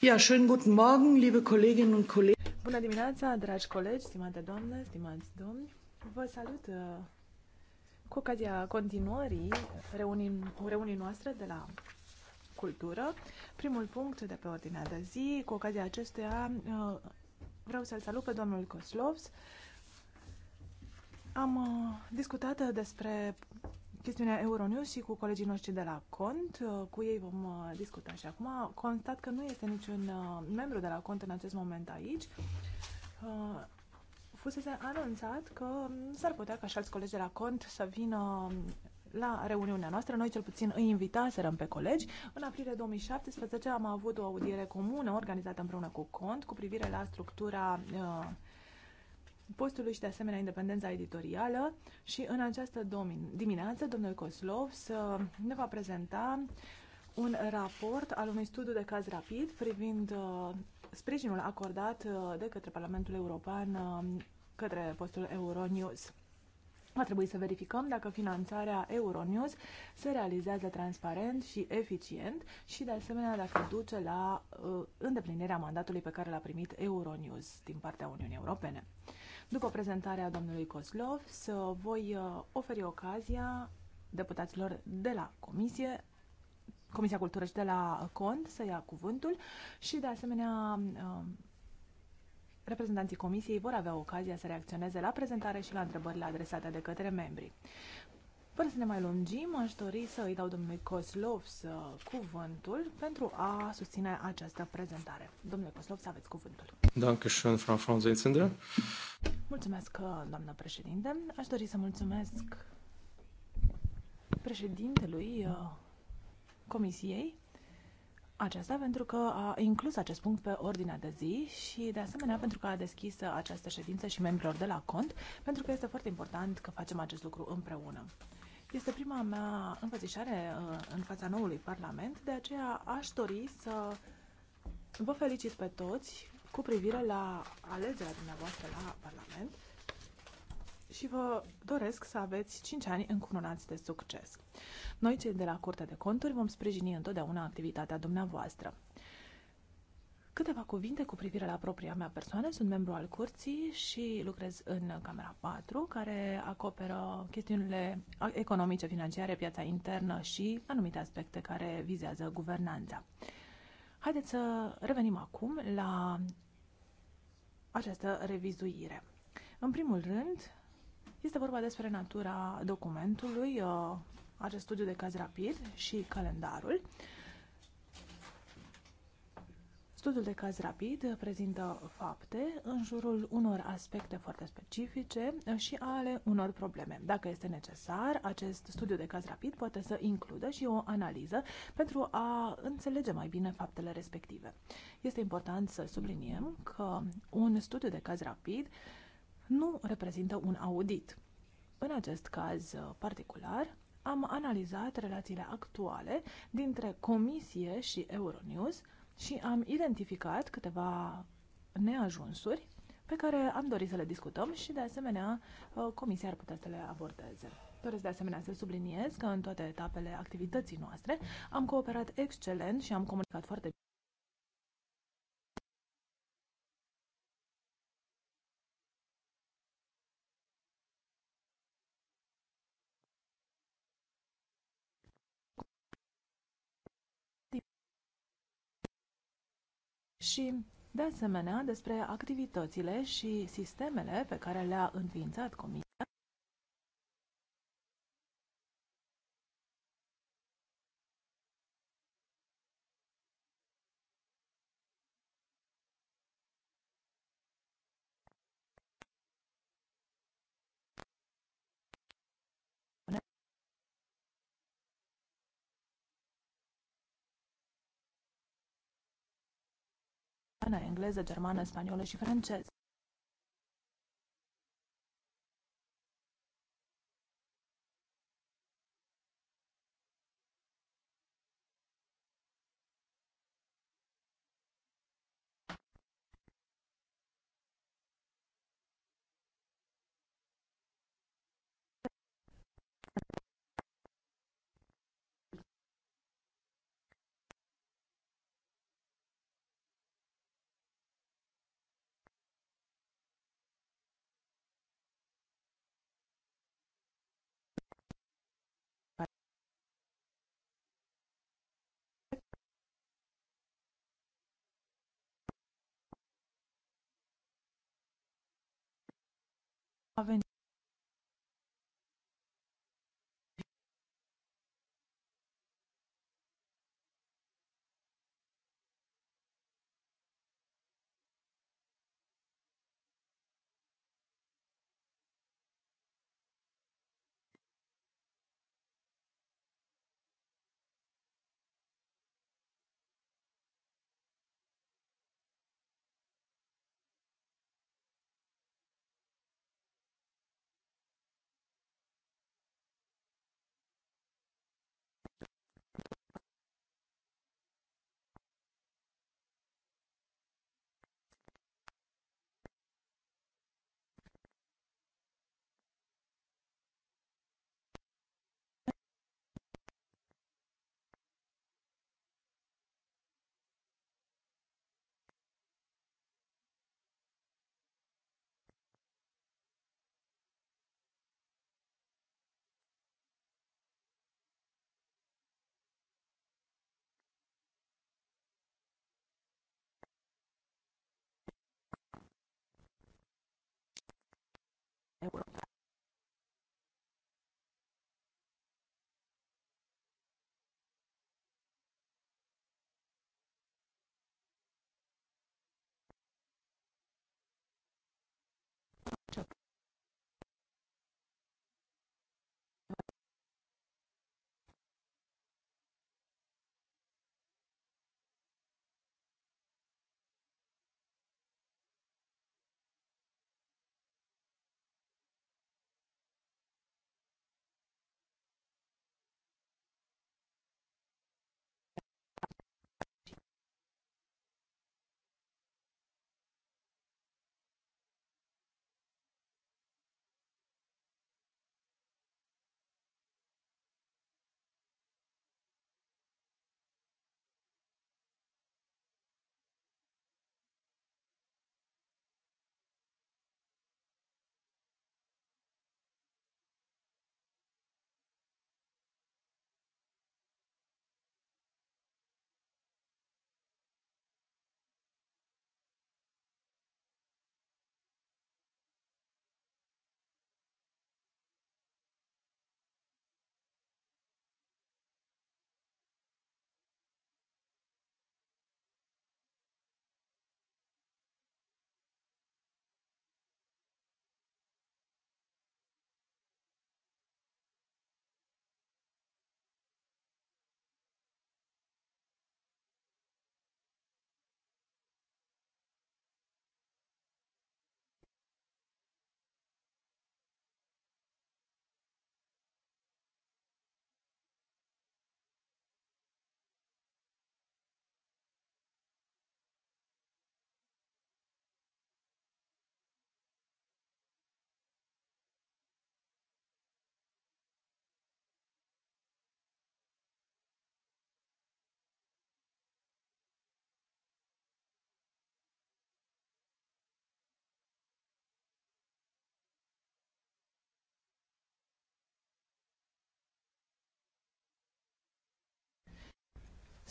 Ja, schönen guten Morgen, liebe Kolleginnen und Kollegen. Bună dimineața, dragi colegi, stimate doamne, stimați domni. Vă salut uh, cu ocazia continuării reunii, reunii noastre de la cultură. Primul punct de pe ordinea de zi, cu ocazia acestuia uh, vreau să-l salut pe domnul Koslovs. Am uh, discutat despre chestiunea Euronews și cu colegii noștri de la Cont. Uh, cu ei vom uh, discuta și acum. Constat că nu este niciun uh, membru de la Cont în acest moment aici. Fusese anunțat că s-ar putea ca și alți colegi de la Cont să vină la reuniunea noastră. Noi cel puțin îi invitaserăm pe colegi. În aprilie 2017 am avut o audiere comună organizată împreună cu Cont cu privire la structura uh, postului și de asemenea independența editorială și în această dimineață domnul Coslov să ne va prezenta un raport al unui studiu de caz rapid privind uh, sprijinul acordat uh, de către Parlamentul European uh, către postul Euronews. Va trebui să verificăm dacă finanțarea Euronews se realizează transparent și eficient și, de asemenea, dacă duce la uh, îndeplinirea mandatului pe care l-a primit Euronews din partea Uniunii Europene. După prezentarea domnului Coslov, să voi uh, oferi ocazia deputaților de la Comisie Comisia Cultură și de la Cont să ia cuvântul și, de asemenea, uh, reprezentanții Comisiei vor avea ocazia să reacționeze la prezentare și la întrebările adresate de către membri. Fără să ne mai lungim, aș dori să îi dau domnului Coslov să cuvântul pentru a susține această prezentare. Domnule Coslov, să aveți cuvântul. Dankeschön, Frau Vorsitzende. Mulțumesc, doamnă președinte. Aș dori să mulțumesc președintelui uh, Comisiei aceasta pentru că a inclus acest punct pe ordinea de zi și de asemenea pentru că a deschis această ședință și membrilor de la cont, pentru că este foarte important că facem acest lucru împreună. Este prima mea înfățișare uh, în fața noului Parlament, de aceea aș dori să vă felicit pe toți cu privire la alegerea dumneavoastră la Parlament și vă doresc să aveți 5 ani încununați de succes. Noi, cei de la Curtea de Conturi, vom sprijini întotdeauna activitatea dumneavoastră. Câteva cuvinte cu privire la propria mea persoană. Sunt membru al curții și lucrez în Camera 4, care acoperă chestiunile economice, financiare, piața internă și anumite aspecte care vizează guvernanța. Haideți să revenim acum la această revizuire. În primul rând, este vorba despre natura documentului, uh, acest studiu de caz rapid și calendarul. Studiul de caz rapid prezintă fapte în jurul unor aspecte foarte specifice și ale unor probleme. Dacă este necesar, acest studiu de caz rapid poate să includă și o analiză pentru a înțelege mai bine faptele respective. Este important să subliniem că un studiu de caz rapid nu reprezintă un audit. În acest caz particular, am analizat relațiile actuale dintre Comisie și Euronews – și am identificat câteva neajunsuri pe care am dorit să le discutăm și, de asemenea, uh, comisia ar putea să le abordeze. Doresc de asemenea să subliniez că în toate etapele activității noastre am cooperat excelent și am comunicat foarte bine. și, de asemenea, despre activitățile și sistemele pe care le-a înființat Comisia. europeană, engleză, germană, spaniolă și franceză. avem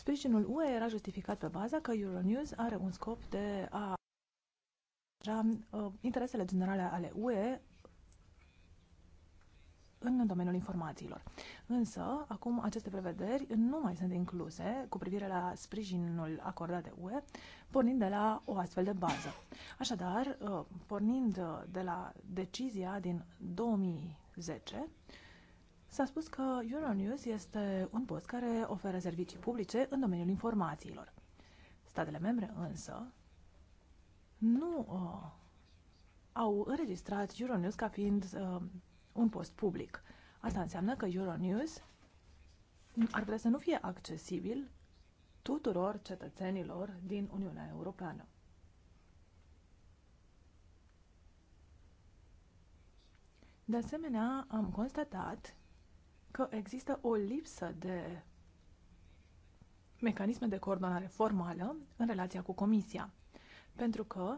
Sprijinul UE era justificat pe baza că Euronews are un scop de a uh, interesele generale ale UE în domeniul informațiilor. Însă, acum aceste prevederi nu mai sunt incluse cu privire la sprijinul acordat de UE, pornind de la o astfel de bază. Așadar, uh, pornind uh, de la decizia din 2010, S-a spus că Euronews este un post care oferă servicii publice în domeniul informațiilor. Statele membre însă nu uh, au înregistrat Euronews ca fiind uh, un post public. Asta înseamnă că Euronews ar putea să nu fie accesibil tuturor cetățenilor din Uniunea Europeană. De asemenea, am constatat că există o lipsă de mecanisme de coordonare formală în relația cu Comisia, pentru că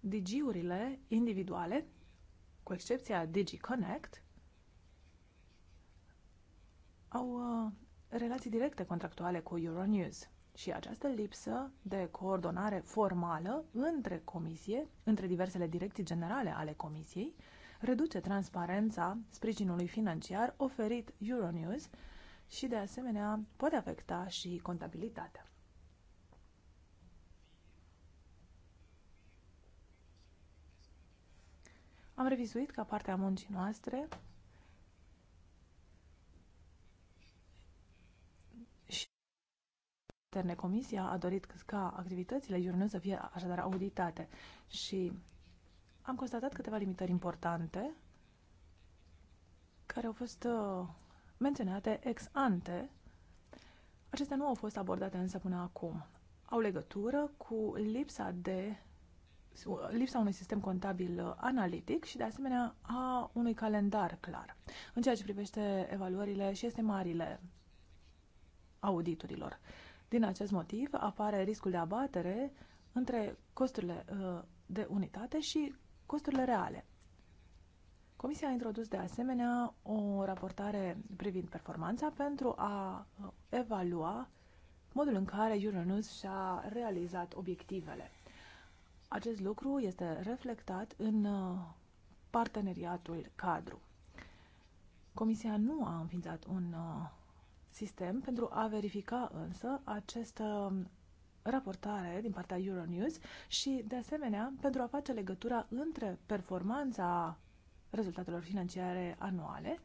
digiurile individuale, cu excepția DigiConnect, au uh, relații directe contractuale cu Euronews și această lipsă de coordonare formală între comisie, între diversele direcții generale ale comisiei, reduce transparența sprijinului financiar oferit Euronews și, de asemenea, poate afecta și contabilitatea. Am revizuit ca parte a muncii noastre și Comisia a dorit ca activitățile Euronews să fie așadar auditate și am constatat câteva limitări importante care au fost uh, menționate ex ante. Acestea nu au fost abordate însă până acum. Au legătură cu lipsa de lipsa unui sistem contabil uh, analitic și, de asemenea, a unui calendar clar în ceea ce privește evaluările și estimările auditurilor. Din acest motiv apare riscul de abatere între costurile uh, de unitate și costurile reale. Comisia a introdus de asemenea o raportare privind performanța pentru a uh, evalua modul în care Euronews și-a realizat obiectivele. Acest lucru este reflectat în uh, parteneriatul cadru. Comisia nu a înființat un uh, sistem pentru a verifica însă acest raportare din partea Euronews și, de asemenea, pentru a face legătura între performanța rezultatelor financiare anuale,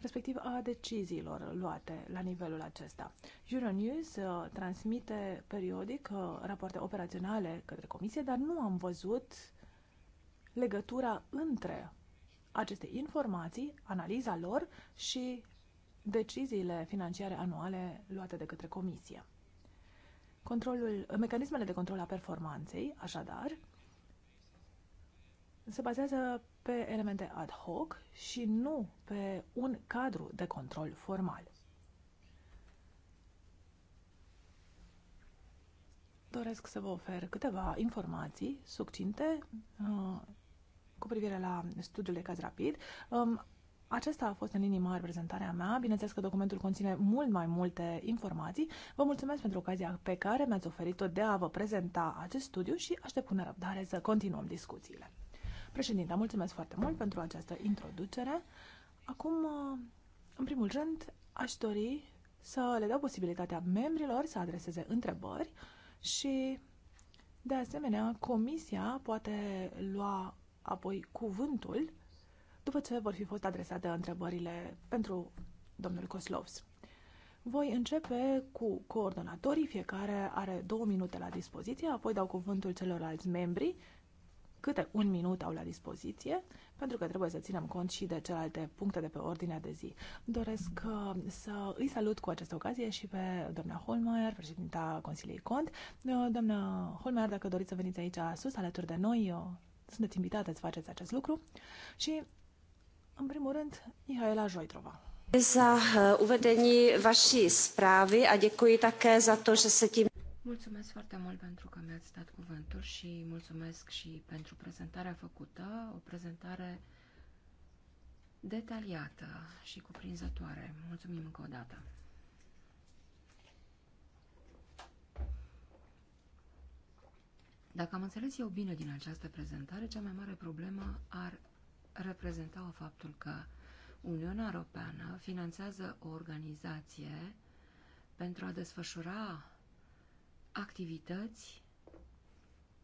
respectiv a deciziilor luate la nivelul acesta. Euronews uh, transmite periodic uh, rapoarte operaționale către comisie, dar nu am văzut legătura între aceste informații, analiza lor și deciziile financiare anuale luate de către comisie. Controlul, mecanismele de control a performanței, așadar, se bazează pe elemente ad hoc și nu pe un cadru de control formal. Doresc să vă ofer câteva informații succinte uh, cu privire la studiul de caz rapid. Um, acesta a fost în linii mari prezentarea mea. Bineînțeles că documentul conține mult mai multe informații. Vă mulțumesc pentru ocazia pe care mi-ați oferit-o de a vă prezenta acest studiu și aștept cu nerăbdare să continuăm discuțiile. Președinte, mulțumesc foarte mult pentru această introducere. Acum, uh, în primul rând, aș dori să le dau posibilitatea membrilor să adreseze întrebări și, de asemenea, comisia poate lua apoi cuvântul după ce vor fi fost adresate întrebările pentru domnul Koslovs. Voi începe cu coordonatorii, fiecare are două minute la dispoziție, apoi dau cuvântul celorlalți membri, câte un minut au la dispoziție, pentru că trebuie să ținem cont și de celelalte puncte de pe ordinea de zi. Doresc uh, să îi salut cu această ocazie și pe doamna Holmeier, președinta Consiliei Cont. Uh, doamna Holmeier, dacă doriți să veniți aici sus, alături de noi, uh, sunteți invitate să faceți acest lucru și în primul rând, Mihaela Joitrova. Za eh, uvedení vaší zprávy a děkuji také za to, že se tím... Mulțumesc foarte mult pentru că mi-ați dat cuvântul și mulțumesc și pentru prezentarea făcută, o prezentare detaliată și cuprinzătoare. Mulțumim încă o dată. Dacă am înțeles eu bine din această prezentare, cea mai mare problemă ar reprezentau faptul că Uniunea Europeană finanțează o organizație pentru a desfășura activități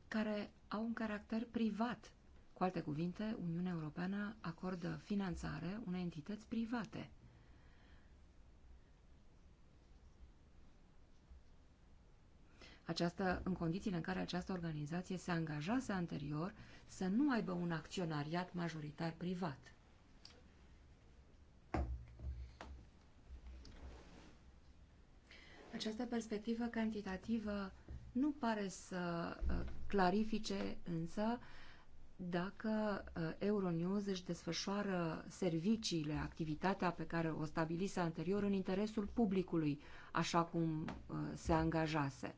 care au un caracter privat. Cu alte cuvinte, Uniunea Europeană acordă finanțare unei entități private. această, în condițiile în care această organizație se angajase anterior să nu aibă un acționariat majoritar privat. Această perspectivă cantitativă nu pare să uh, clarifice însă dacă uh, Euronews își desfășoară serviciile, activitatea pe care o stabilise anterior în interesul publicului, așa cum uh, se angajase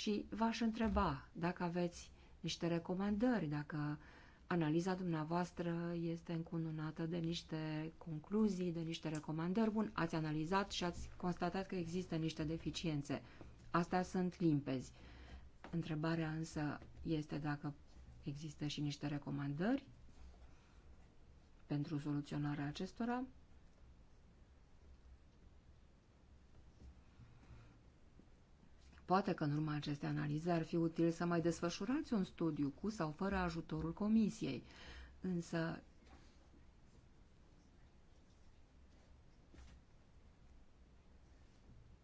și v-aș întreba dacă aveți niște recomandări, dacă analiza dumneavoastră este încununată de niște concluzii, de niște recomandări. Bun, ați analizat și ați constatat că există niște deficiențe. Astea sunt limpezi. Întrebarea însă este dacă există și niște recomandări pentru soluționarea acestora. Poate că în urma acestei analize ar fi util să mai desfășurați un studiu cu sau fără ajutorul comisiei, însă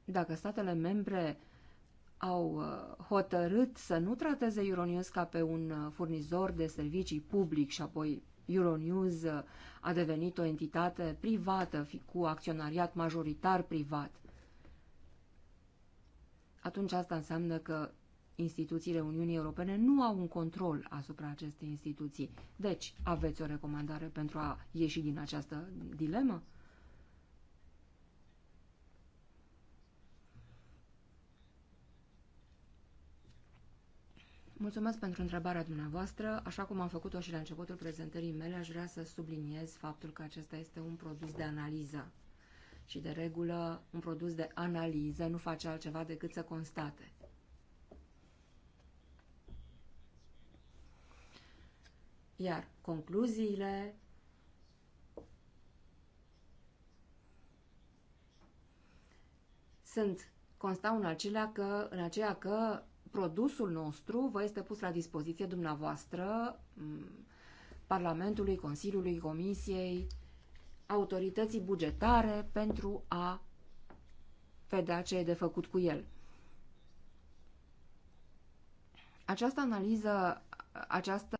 dacă statele membre au uh, hotărât să nu trateze Euronews ca pe un uh, furnizor de servicii public și apoi Euronews uh, a devenit o entitate privată cu acționariat majoritar privat atunci asta înseamnă că instituțiile Uniunii Europene nu au un control asupra acestei instituții. Deci, aveți o recomandare pentru a ieși din această dilemă? Mulțumesc pentru întrebarea dumneavoastră. Așa cum am făcut-o și la începutul prezentării mele, aș vrea să subliniez faptul că acesta este un produs de analiză și de regulă un produs de analiză nu face altceva decât să constate. Iar concluziile sunt, constau în acelea că, în aceea că produsul nostru vă este pus la dispoziție dumneavoastră, Parlamentului, Consiliului, Comisiei, autorității bugetare pentru a vedea ce e de făcut cu el. Această analiză, această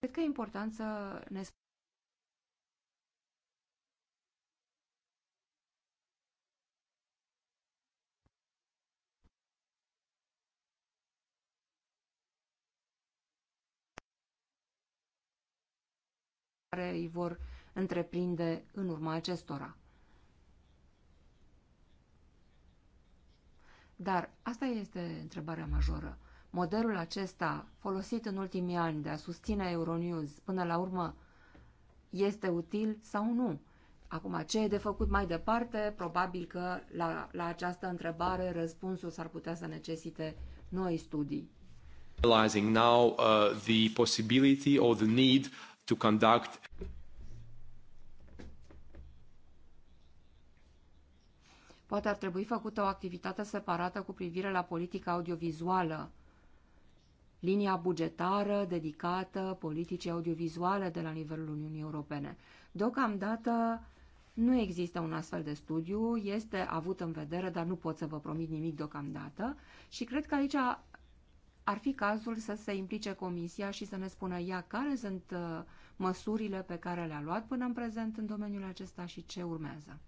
Cred că e important să ne care îi vor întreprinde în urma acestora. Dar asta este întrebarea majoră. Modelul acesta, folosit în ultimii ani de a susține Euronews, până la urmă, este util sau nu? Acum, ce e de făcut mai departe? Probabil că la, la această întrebare răspunsul s-ar putea să necesite noi studii. Realizing now uh, the possibility or the need to conduct Poate ar trebui făcută o activitate separată cu privire la politica audiovizuală linia bugetară dedicată politicii audiovizuale de la nivelul Uniunii Europene. Deocamdată nu există un astfel de studiu, este avut în vedere, dar nu pot să vă promit nimic deocamdată și cred că aici ar fi cazul să se implice comisia și să ne spună ea care sunt uh, măsurile pe care le-a luat până în prezent în domeniul acesta și ce urmează.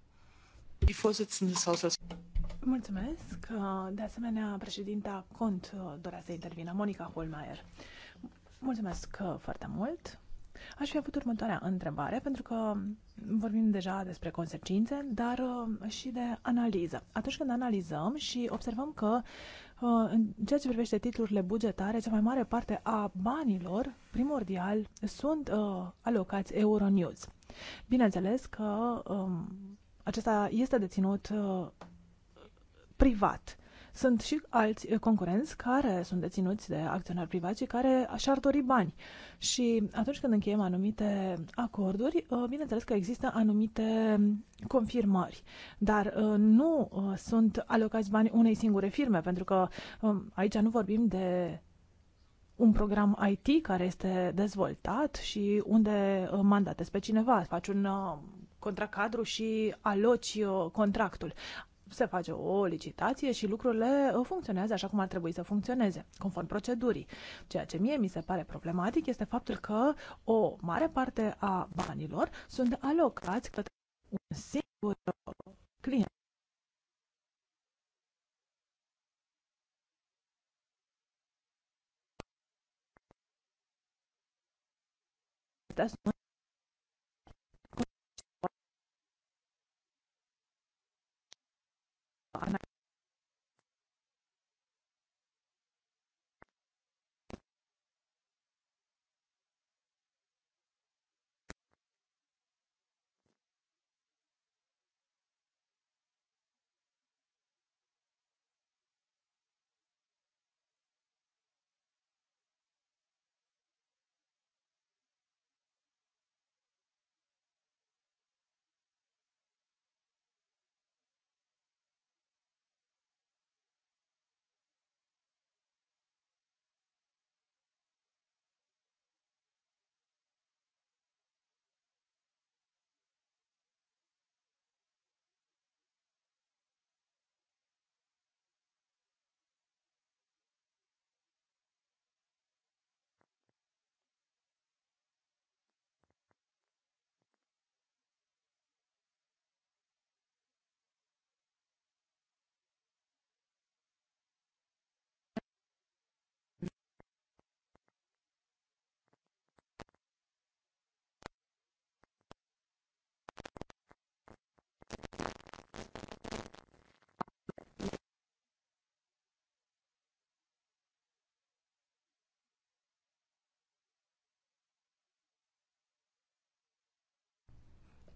Mulțumesc. Uh, de asemenea, președinta Cont uh, dorea să intervină. Monica Holmeier. Mulțumesc uh, foarte mult. Aș fi avut următoarea întrebare, pentru că vorbim deja despre consecințe, dar și de analiză. Atunci când analizăm și observăm că în ceea ce privește titlurile bugetare, cea mai mare parte a banilor, primordial, sunt uh, alocați Euronews. Bineînțeles că um, acesta este deținut uh, privat. Sunt și alți uh, concurenți care sunt deținuți de acționari privați și care și-ar dori bani. Și atunci când încheiem anumite acorduri, uh, bineînțeles că există anumite confirmări, dar nu sunt alocați bani unei singure firme, pentru că um, aici nu vorbim de un program IT care este dezvoltat și unde mandate pe cineva, faci un contracadru și aloci uh, contractul. Se face o licitație și lucrurile uh, funcționează așa cum ar trebui să funcționeze, conform procedurii. Ceea ce mie mi se pare problematic este faptul că o mare parte a banilor sunt alocați către un singur uh, client. Astea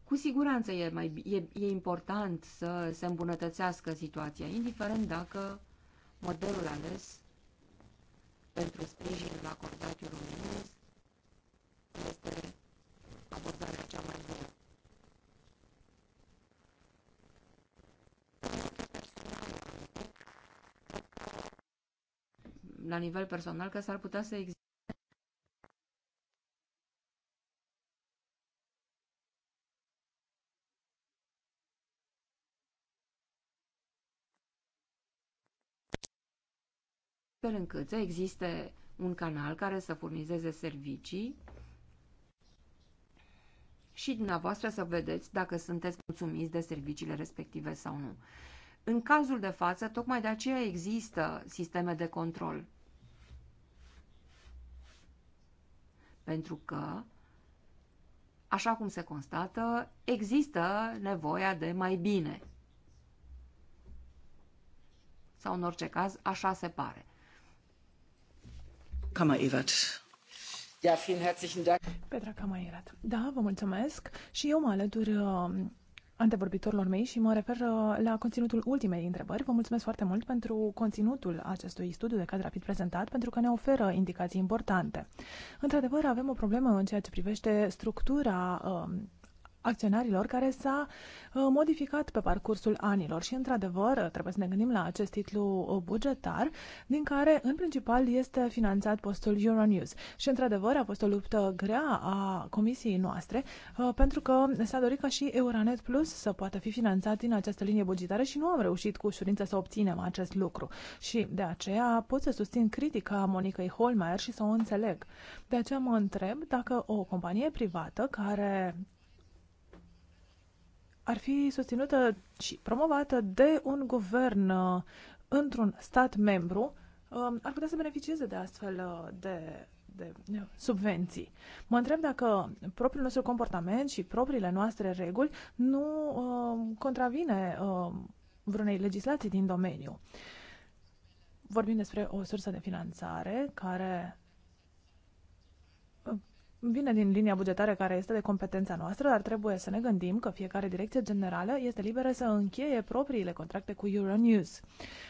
Cu siguranță e, mai, e, e important să se îmbunătățească situația, indiferent dacă modelul ales pentru sprijinul acordat României este abordarea cea mai bună. La nivel personal, că s-ar putea să existe astfel încât să existe un canal care să furnizeze servicii și dumneavoastră să vedeți dacă sunteți mulțumiți de serviciile respective sau nu. În cazul de față, tocmai de aceea există sisteme de control. Pentru că, așa cum se constată, există nevoia de mai bine. Sau, în orice caz, așa se pare. Kammer-Evert. Ja, vielen herzlichen Dank. Petra Da, vă mulțumesc și eu mă alătur uh, antevorbitorilor mei și mă refer uh, la conținutul ultimei întrebări. Vă mulțumesc foarte mult pentru conținutul acestui studiu de cadru rapid prezentat, pentru că ne oferă indicații importante. Într-adevăr, avem o problemă în ceea ce privește structura uh, acționarilor care s-a uh, modificat pe parcursul anilor și, într-adevăr, trebuie să ne gândim la acest titlu uh, bugetar, din care, în principal, este finanțat postul Euronews. Și, într-adevăr, a fost o luptă grea a comisiei noastre, uh, pentru că s-a dorit ca și Euronet Plus să poată fi finanțat din această linie bugetară și nu am reușit cu ușurință să obținem acest lucru. Și, de aceea, pot să susțin critica Monicăi Holmeier și să o înțeleg. De aceea mă întreb dacă o companie privată care ar fi susținută și promovată de un guvern uh, într-un stat membru, um, ar putea să beneficieze de astfel uh, de, de uh, subvenții. Mă întreb dacă propriul nostru comportament și propriile noastre reguli nu um, contravine um, vreunei legislații din domeniu. Vorbim despre o sursă de finanțare care vine din linia bugetară care este de competența noastră, dar trebuie să ne gândim că fiecare direcție generală este liberă să încheie propriile contracte cu Euronews.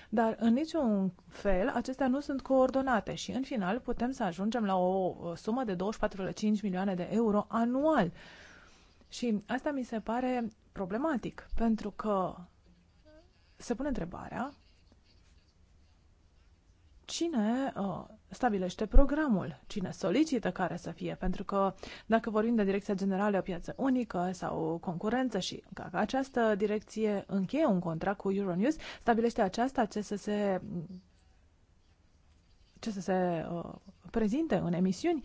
Dar în niciun fel acestea nu sunt coordonate și în final putem să ajungem la o sumă de 24,5 milioane de euro anual. Și asta mi se pare problematic, pentru că se pune întrebarea cine uh, stabilește programul, cine solicită care să fie, pentru că dacă vorbim de Direcția Generală Piață Unică sau Concurență și că această direcție încheie un contract cu Euronews, stabilește aceasta ce să se ce să se uh, prezinte în emisiuni,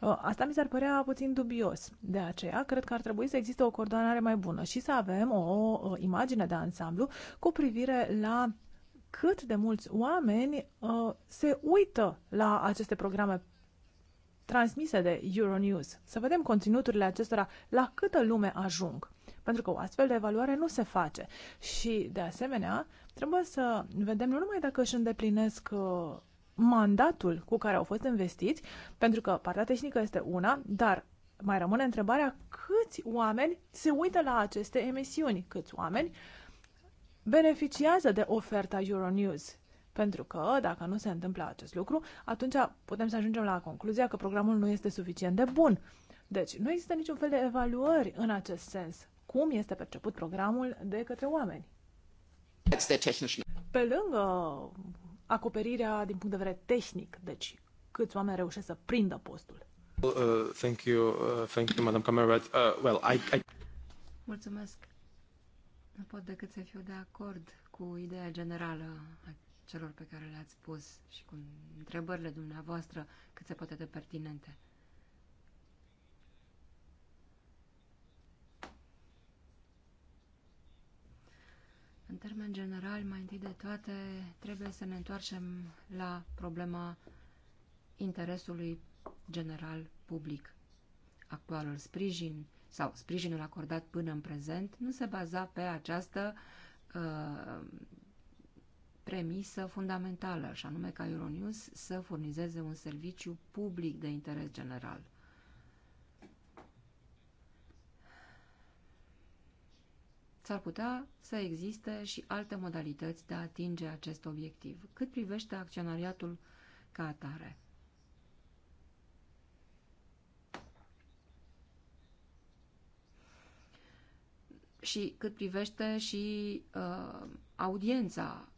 uh, Asta mi s-ar părea puțin dubios. De aceea, cred că ar trebui să existe o coordonare mai bună și să avem o, o uh, imagine de ansamblu cu privire la cât de mulți oameni uh, se uită la aceste programe transmise de Euronews. Să vedem conținuturile acestora, la câtă lume ajung. Pentru că o astfel de evaluare nu se face. Și, de asemenea, trebuie să vedem nu numai dacă își îndeplinesc uh, mandatul cu care au fost investiți, pentru că partea tehnică este una, dar mai rămâne întrebarea câți oameni se uită la aceste emisiuni, câți oameni uh, beneficiază de oferta Euronews. Pentru că, dacă nu se întâmplă acest lucru, atunci putem să ajungem la concluzia că programul nu este suficient de bun. Deci, nu există niciun fel de evaluări în acest sens. Cum este perceput programul de către oameni? Pe lângă acoperirea din punct de vedere tehnic, deci câți oameni reușesc să prindă postul. Uh, thank you, uh, thank you, Madam Camerat. Uh, well, I, I... Mulțumesc, nu pot decât să fiu de acord cu ideea generală a celor pe care le-ați spus și cu întrebările dumneavoastră cât se poate de pertinente. În termen general, mai întâi de toate, trebuie să ne întoarcem la problema interesului general public. Actualul sprijin sau sprijinul acordat până în prezent nu se baza pe această uh, premisă fundamentală, și anume ca Euronews să furnizeze un serviciu public de interes general. S-ar putea să existe și alte modalități de a atinge acest obiectiv. Cât privește acționariatul ca atare, și cât privește și uh, audiența.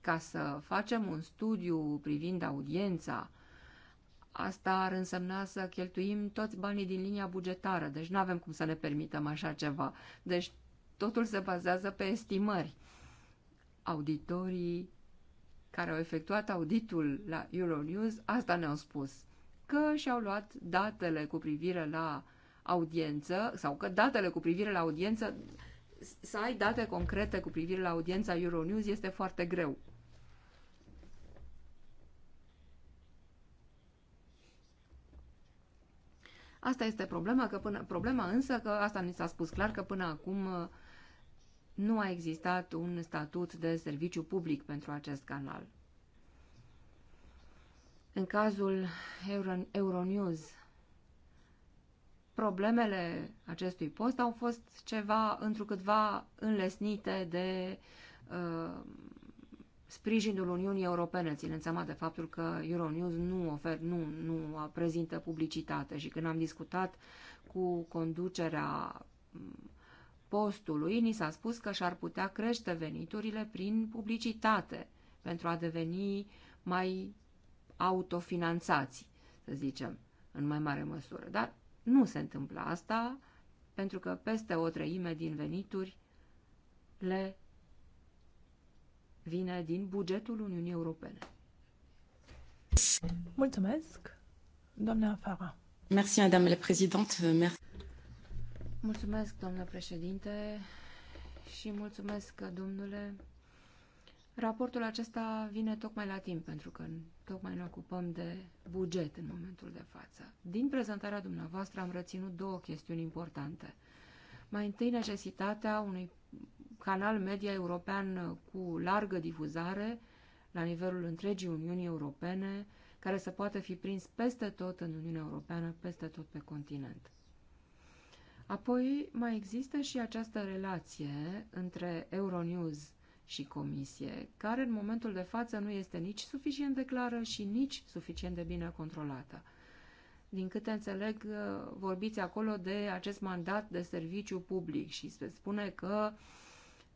Ca să facem un studiu privind audiența, asta ar însemna să cheltuim toți banii din linia bugetară, deci nu avem cum să ne permităm așa ceva. Deci totul se bazează pe estimări. Auditorii care au efectuat auditul la Euronews, asta ne-au spus, că și-au luat datele cu privire la audiență sau că datele cu privire la audiență, să ai date concrete cu privire la audiența Euronews este foarte greu. Asta este problema, că până, problema însă că asta ni s-a spus clar că până acum uh, nu a existat un statut de serviciu public pentru acest canal. În cazul Euro, Euronews, problemele acestui post au fost ceva întrucâtva înlesnite de uh, sprijinul Uniunii Europene, ținând seama de faptul că Euronews nu, ofer, nu, nu prezintă publicitate și când am discutat cu conducerea mm, postului, ni s-a spus că și-ar putea crește veniturile prin publicitate pentru a deveni mai autofinanțați, să zicem, în mai mare măsură. Dar nu se întâmplă asta, pentru că peste o treime din venituri le vine din bugetul Uniunii Europene. Mulțumesc, doamna Fara. Merci, madame la présidente. Merci. Mulțumesc, doamnă președinte, și mulțumesc, domnule Raportul acesta vine tocmai la timp, pentru că tocmai ne ocupăm de buget în momentul de față. Din prezentarea dumneavoastră am reținut două chestiuni importante. Mai întâi, necesitatea unui canal media european cu largă difuzare la nivelul întregii Uniunii Europene, care să poată fi prins peste tot în Uniunea Europeană, peste tot pe continent. Apoi, mai există și această relație între Euronews și comisie, care în momentul de față nu este nici suficient de clară și nici suficient de bine controlată. Din câte înțeleg, uh, vorbiți acolo de acest mandat de serviciu public și se spune că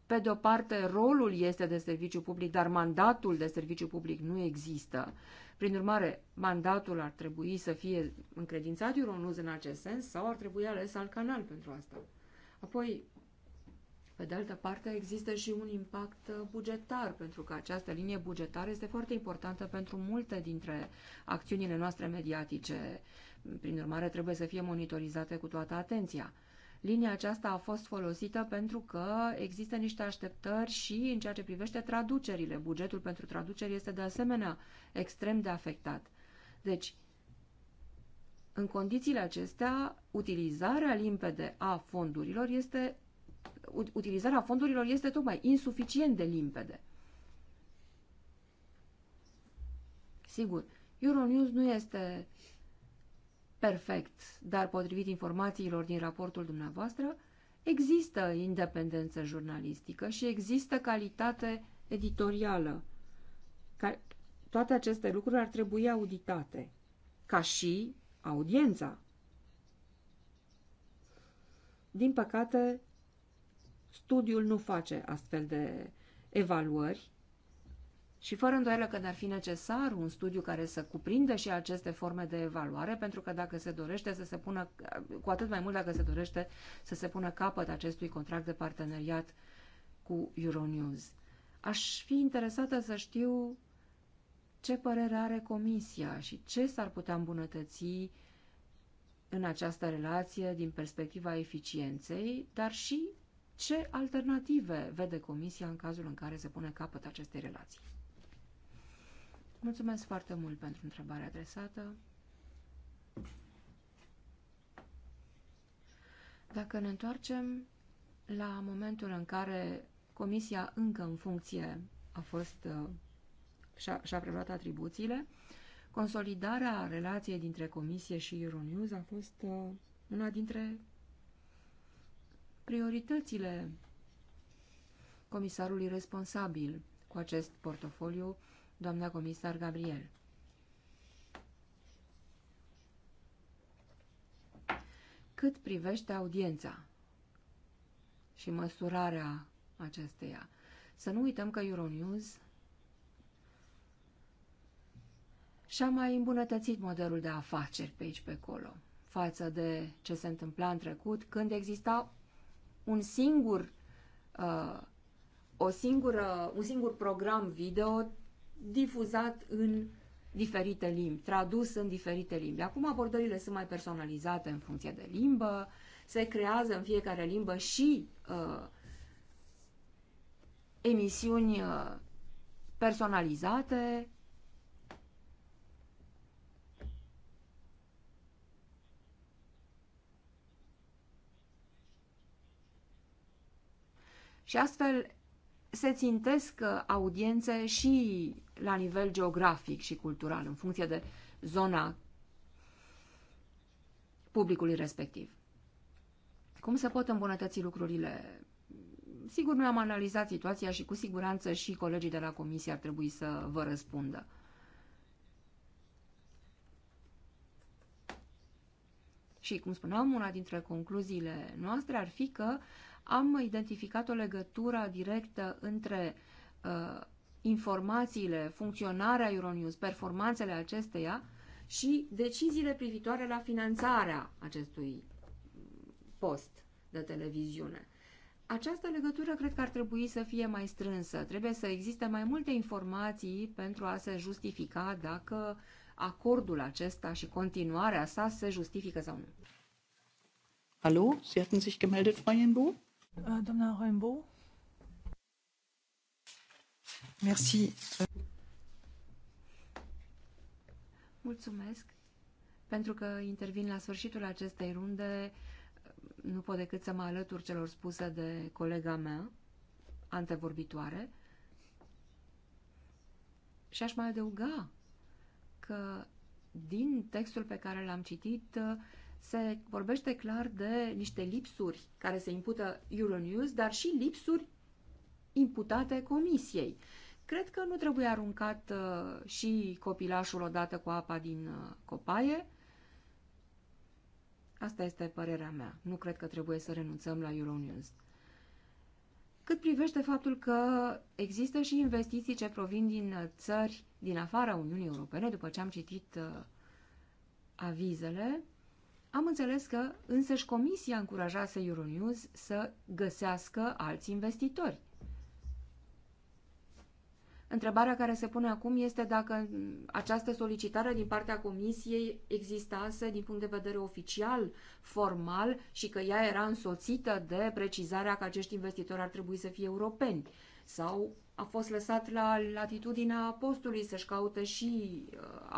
pe de o parte, rolul este de serviciu public, dar mandatul de serviciu public nu există. Prin urmare, mandatul ar trebui să fie încredințat Euronews în acest sens sau ar trebui ales alt canal pentru asta. Apoi, pe de altă parte, există și un impact uh, bugetar, pentru că această linie bugetară este foarte importantă pentru multe dintre acțiunile noastre mediatice. Prin urmare, trebuie să fie monitorizate cu toată atenția. Linia aceasta a fost folosită pentru că există niște așteptări și în ceea ce privește traducerile. Bugetul pentru traduceri este de asemenea extrem de afectat. Deci, în condițiile acestea, utilizarea limpede a fondurilor este utilizarea fondurilor este tocmai insuficient de limpede. Sigur, Euronews nu este perfect, dar potrivit informațiilor din raportul dumneavoastră, există independență jurnalistică și există calitate editorială. toate aceste lucruri ar trebui auditate, ca și audiența. Din păcate, Studiul nu face astfel de evaluări și fără îndoială că ne-ar fi necesar un studiu care să cuprindă și aceste forme de evaluare, pentru că dacă se dorește să se pună, cu atât mai mult dacă se dorește să se pună capăt acestui contract de parteneriat cu Euronews. Aș fi interesată să știu ce părere are Comisia și ce s-ar putea îmbunătăți în această relație din perspectiva eficienței, dar și ce alternative vede Comisia în cazul în care se pune capăt acestei relații? Mulțumesc foarte mult pentru întrebarea adresată. Dacă ne întoarcem la momentul în care Comisia încă în funcție a fost uh, și-a și preluat atribuțiile, consolidarea relației dintre Comisie și Euronews a fost uh, una dintre prioritățile comisarului responsabil cu acest portofoliu, doamna comisar Gabriel. Cât privește audiența și măsurarea acesteia, să nu uităm că Euronews și-a mai îmbunătățit modelul de afaceri pe aici pe acolo față de ce se întâmpla în trecut, când exista un singur, uh, o singură, un singur program video difuzat în diferite limbi, tradus în diferite limbi. Acum abordările sunt mai personalizate în funcție de limbă, se creează în fiecare limbă și uh, emisiuni uh, personalizate, Și astfel se țintesc uh, audiențe și la nivel geografic și cultural, în funcție de zona publicului respectiv. Cum se pot îmbunătăți lucrurile? Sigur, nu am analizat situația și cu siguranță și colegii de la comisie ar trebui să vă răspundă. Și, cum spuneam, una dintre concluziile noastre ar fi că am identificat o legătură directă între uh, informațiile, funcționarea Euronews, performanțele acesteia și deciziile privitoare la finanțarea acestui post de televiziune. Această legătură cred că ar trebui să fie mai strânsă. Trebuie să existe mai multe informații pentru a se justifica dacă acordul acesta și continuarea sa se justifică sau nu. Hallo, Sie hatten sich gemeldet, Frau Jenbu? Euh, doamna Rainbow. Merci. Mulțumesc. Pentru că intervin la sfârșitul acestei runde, nu pot decât să mă alătur celor spuse de colega mea, antevorbitoare, și aș mai adăuga că din textul pe care l-am citit se vorbește clar de niște lipsuri care se impută Euronews, dar și lipsuri imputate comisiei. Cred că nu trebuie aruncat uh, și copilașul odată cu apa din uh, copaie. Asta este părerea mea. Nu cred că trebuie să renunțăm la Euronews. Cât privește faptul că există și investiții ce provin din uh, țări din afara Uniunii Europene, după ce am citit avizele, am înțeles că însăși comisia încurajase Euronews să găsească alți investitori. Întrebarea care se pune acum este dacă această solicitare din partea comisiei existase din punct de vedere oficial, formal și că ea era însoțită de precizarea că acești investitori ar trebui să fie europeni sau a fost lăsat la latitudinea postului să-și caute și,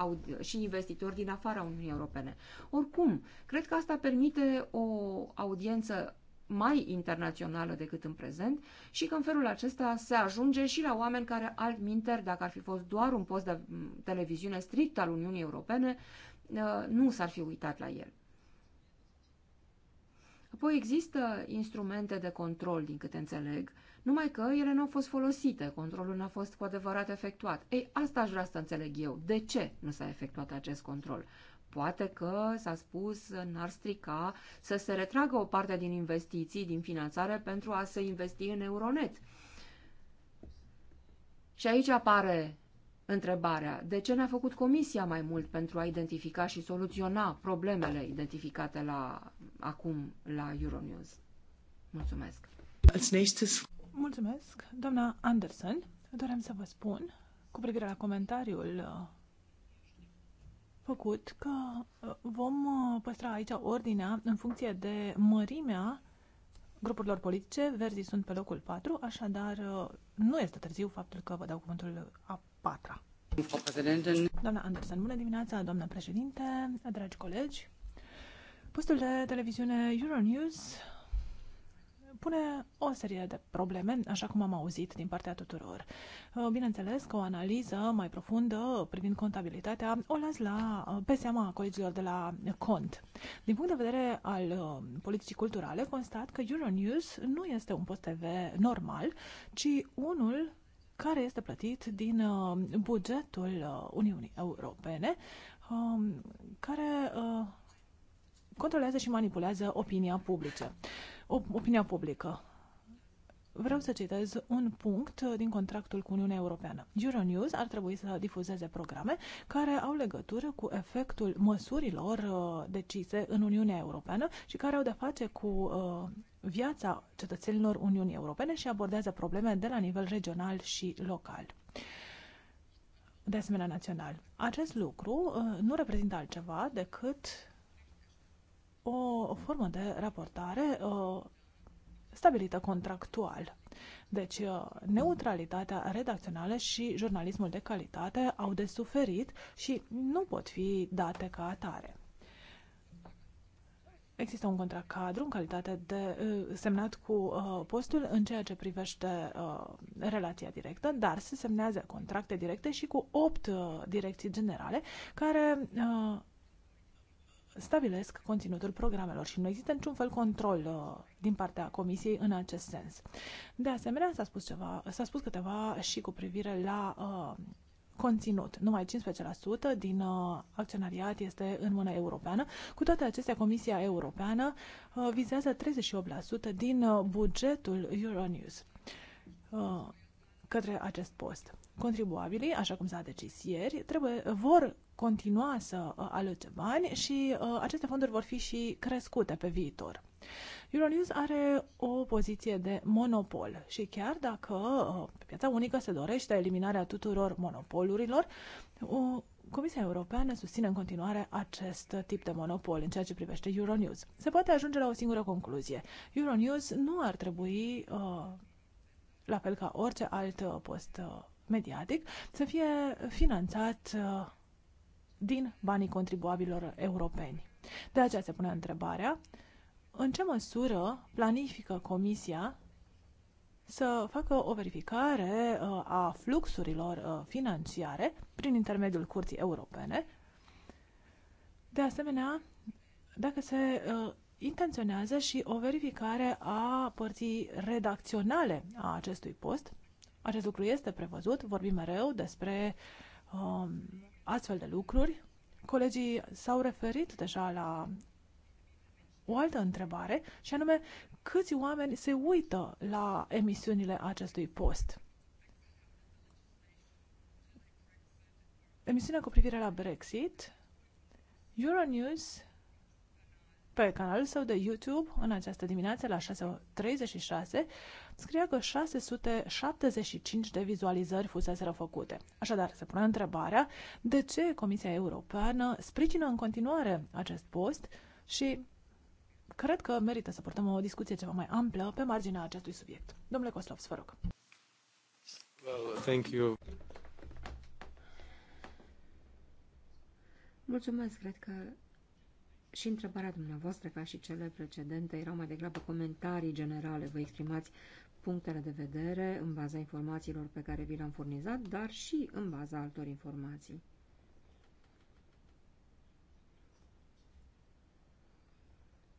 uh, și investitori din afara Uniunii Europene. Oricum, cred că asta permite o audiență mai internațională decât în prezent și că în felul acesta se ajunge și la oameni care altminteri, dacă ar fi fost doar un post de televiziune strict al Uniunii Europene, uh, nu s-ar fi uitat la el. Apoi există instrumente de control, din câte înțeleg, uh, numai că ele nu au fost folosite, controlul n-a fost cu adevărat efectuat. Ei, asta aș vrea să înțeleg eu. De ce nu s-a efectuat acest control? Poate că s-a spus, n-ar strica să se retragă o parte din investiții, din finanțare, pentru a se investi în Euronet. Și aici apare întrebarea, de ce n-a făcut Comisia mai mult pentru a identifica și soluționa problemele identificate la, acum la Euronews? Mulțumesc! Als nächstes Mulțumesc, doamna Anderson. Doream să vă spun, cu privire la comentariul uh, făcut, că uh, vom uh, păstra aici ordinea în funcție de mărimea grupurilor politice. Verzii sunt pe locul 4, așadar nu este târziu faptul că vă dau cuvântul a patra. Doamna Anderson, bună dimineața, doamna președinte, dragi colegi. Postul de televiziune Euronews pune o serie de probleme, așa cum am auzit din partea tuturor. Uh, bineînțeles că o analiză mai profundă privind contabilitatea o las la, uh, pe seama colegilor de la cont. Din punct de vedere al uh, politicii culturale, constat că Euronews nu este un post TV normal, ci unul care este plătit din bugetul Uniunii Europene, um, care controlează și manipulează opinia publică opinia publică. Vreau să citez un punct uh, din contractul cu Uniunea Europeană. Euronews ar trebui să difuzeze programe care au legătură cu efectul măsurilor uh, decise în Uniunea Europeană și care au de face cu uh, viața cetățenilor Uniunii Europene și abordează probleme de la nivel regional și local de asemenea național. Acest lucru nu reprezintă altceva decât o formă de raportare stabilită contractual. Deci, neutralitatea redacțională și jurnalismul de calitate au de suferit și nu pot fi date ca atare. Există un contract cadru în calitate de semnat cu postul în ceea ce privește relația directă, dar se semnează contracte directe și cu opt direcții generale care stabilesc conținutul programelor și nu există niciun fel control uh, din partea Comisiei în acest sens. De asemenea, s-a spus, ceva, s-a spus câteva și cu privire la uh, conținut. Numai 15% din uh, acționariat este în mâna europeană. Cu toate acestea, Comisia Europeană uh, vizează 38% din uh, bugetul Euronews uh, către acest post. Contribuabilii, așa cum s-a decis ieri, trebuie, vor continua să uh, aloce bani și uh, aceste fonduri vor fi și crescute pe viitor. Euronews are o poziție de monopol și chiar dacă uh, pe piața unică se dorește eliminarea tuturor monopolurilor, Comisia Europeană susține în continuare acest tip de monopol în ceea ce privește Euronews. Se poate ajunge la o singură concluzie. Euronews nu ar trebui, la fel ca orice alt post mediatic, să fie finanțat din banii contribuabilor europeni. De aceea se pune întrebarea, în ce măsură planifică Comisia să facă o verificare uh, a fluxurilor uh, financiare prin intermediul Curții Europene. De asemenea, dacă se uh, intenționează și o verificare a părții redacționale a acestui post, acest lucru este prevăzut, vorbim mereu despre um, astfel de lucruri. Colegii s-au referit deja la o altă întrebare și anume câți oameni se uită la emisiunile acestui post. Emisiunea cu privire la Brexit, Euronews pe canalul său de YouTube în această dimineață la 6.36 scria că 675 de vizualizări fusese făcute. Așadar, se pune întrebarea de ce Comisia Europeană sprijină în continuare acest post și cred că merită să portăm o discuție ceva mai amplă pe marginea acestui subiect. Domnule Koslovs, vă rog. Well, thank you. Mulțumesc, cred că și întrebarea dumneavoastră, ca și cele precedente, erau mai degrabă comentarii generale. Vă exprimați punctele de vedere în baza informațiilor pe care vi le-am furnizat, dar și în baza altor informații.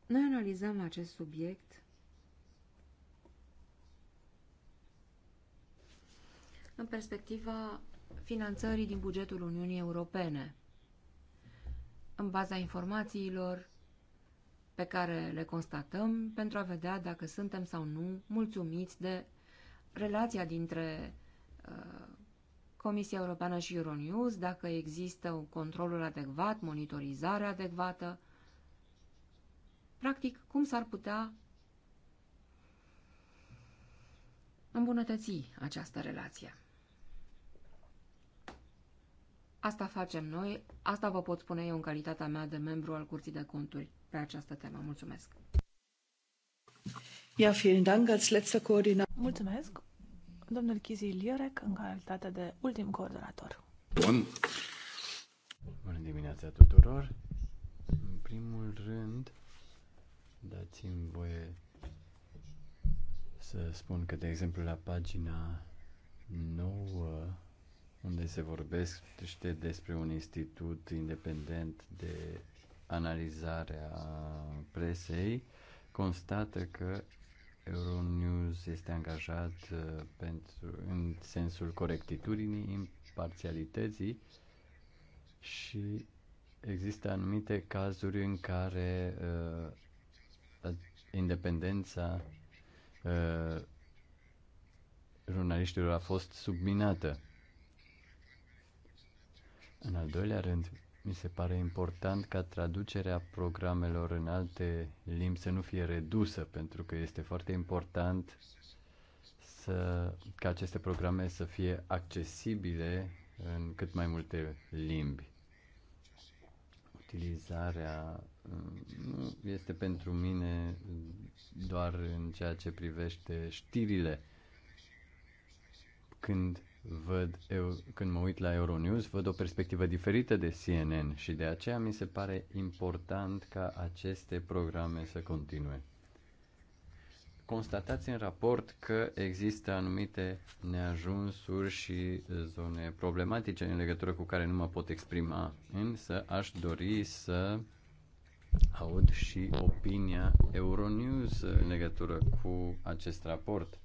Noi analizăm acest subiect în perspectiva finanțării din bugetul Uniunii Europene, în baza informațiilor pe care le constatăm pentru a vedea dacă suntem sau nu mulțumiți de relația dintre uh, Comisia Europeană și Euronews, dacă există un controlul adecvat, monitorizare adecvată. Practic, cum s-ar putea îmbunătăți această relație. Asta facem noi, asta vă pot spune eu în calitatea mea de membru al Curții de Conturi pe această temă. Mulțumesc! Ja, vielen Dank als letzter Koordinator. Mulțumesc, domnul Chizi Liorec, în calitate de ultim coordonator. Bun. Bună dimineața tuturor. În primul rând, dați-mi voie să spun că, de exemplu, la pagina 9, unde se vorbește despre un institut independent de analizare a presei constată că Euronews este angajat uh, pentru, în sensul corectitudinii, imparțialității și există anumite cazuri în care uh, independența uh, jurnaliștilor a fost subminată. În al doilea rând, mi se pare important ca traducerea programelor în alte limbi să nu fie redusă, pentru că este foarte important să, ca aceste programe să fie accesibile în cât mai multe limbi. Utilizarea mm, nu este pentru mine doar în ceea ce privește știrile. Când văd eu, când mă uit la Euronews, văd o perspectivă diferită de CNN și de aceea mi se pare important ca aceste programe să continue. Constatați în raport că există anumite neajunsuri și zone problematice în legătură cu care nu mă pot exprima, însă aș dori să aud și opinia Euronews în legătură cu acest raport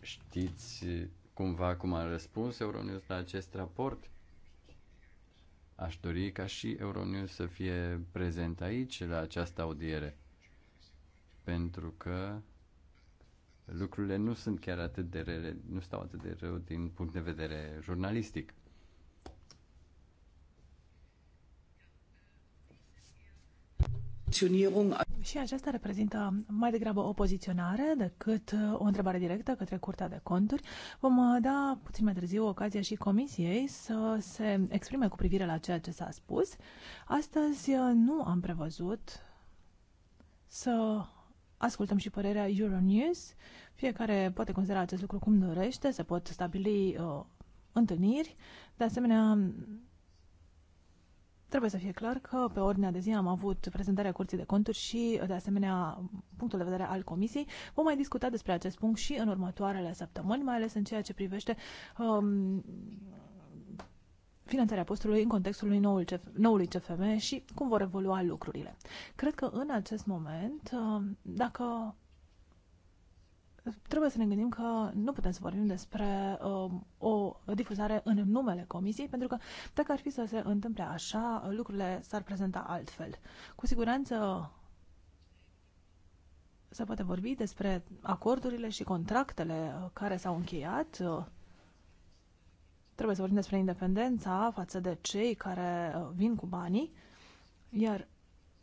știți cumva cum a răspuns Euronews la acest raport. Aș dori ca și Euronews să fie prezent aici, la această audiere, pentru că lucrurile nu sunt chiar atât de rele, nu stau atât de rău din punct de vedere jurnalistic. Și aceasta reprezintă mai degrabă o poziționare decât o întrebare directă către Curtea de Conturi. Vom uh, da puțin mai târziu ocazia și Comisiei să se exprime cu privire la ceea ce s-a spus. Astăzi uh, nu am prevăzut să ascultăm și părerea Euronews. Fiecare poate considera acest lucru cum dorește, se pot stabili uh, întâlniri. De asemenea, Trebuie să fie clar că pe ordinea de zi am avut prezentarea Curții de Conturi și, de asemenea, punctul de vedere al Comisiei. Vom mai discuta despre acest punct și în următoarele săptămâni, mai ales în ceea ce privește um, finanțarea postului în contextul lui noul CF, noului CFM și cum vor evolua lucrurile. Cred că în acest moment, um, dacă trebuie să ne gândim că nu putem să vorbim despre uh, o difuzare în numele comisiei, pentru că dacă ar fi să se întâmple așa, lucrurile s-ar prezenta altfel. Cu siguranță se poate vorbi despre acordurile și contractele uh, care s-au încheiat. Uh, trebuie să vorbim despre independența față de cei care uh, vin cu banii, iar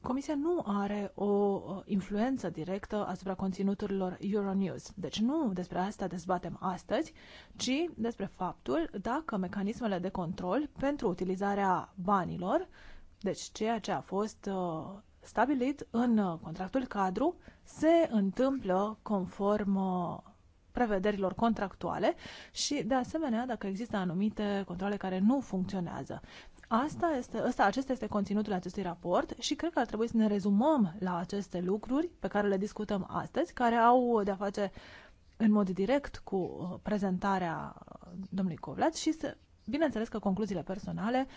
Comisia nu are o influență directă asupra conținuturilor Euronews. Deci nu despre asta dezbatem astăzi, ci despre faptul dacă mecanismele de control pentru utilizarea banilor, deci ceea ce a fost uh, stabilit în uh, contractul cadru, se întâmplă conform uh, prevederilor contractuale și, de asemenea, dacă există anumite controle care nu funcționează. Asta este, asta, acesta este conținutul acestui raport și cred că ar trebui să ne rezumăm la aceste lucruri pe care le discutăm astăzi, care au de-a face în mod direct cu uh, prezentarea uh, domnului Covlaț și să, bineînțeles că concluziile personale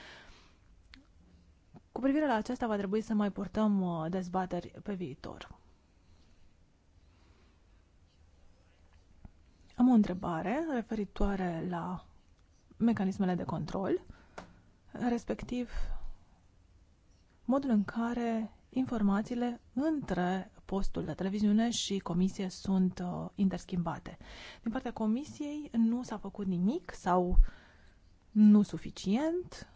cu privire la aceasta va trebui să mai purtăm uh, dezbateri pe viitor. Am o întrebare referitoare la mecanismele de control respectiv modul în care informațiile între postul de televiziune și comisie sunt uh, interschimbate. Din partea comisiei nu s-a făcut nimic sau nu suficient.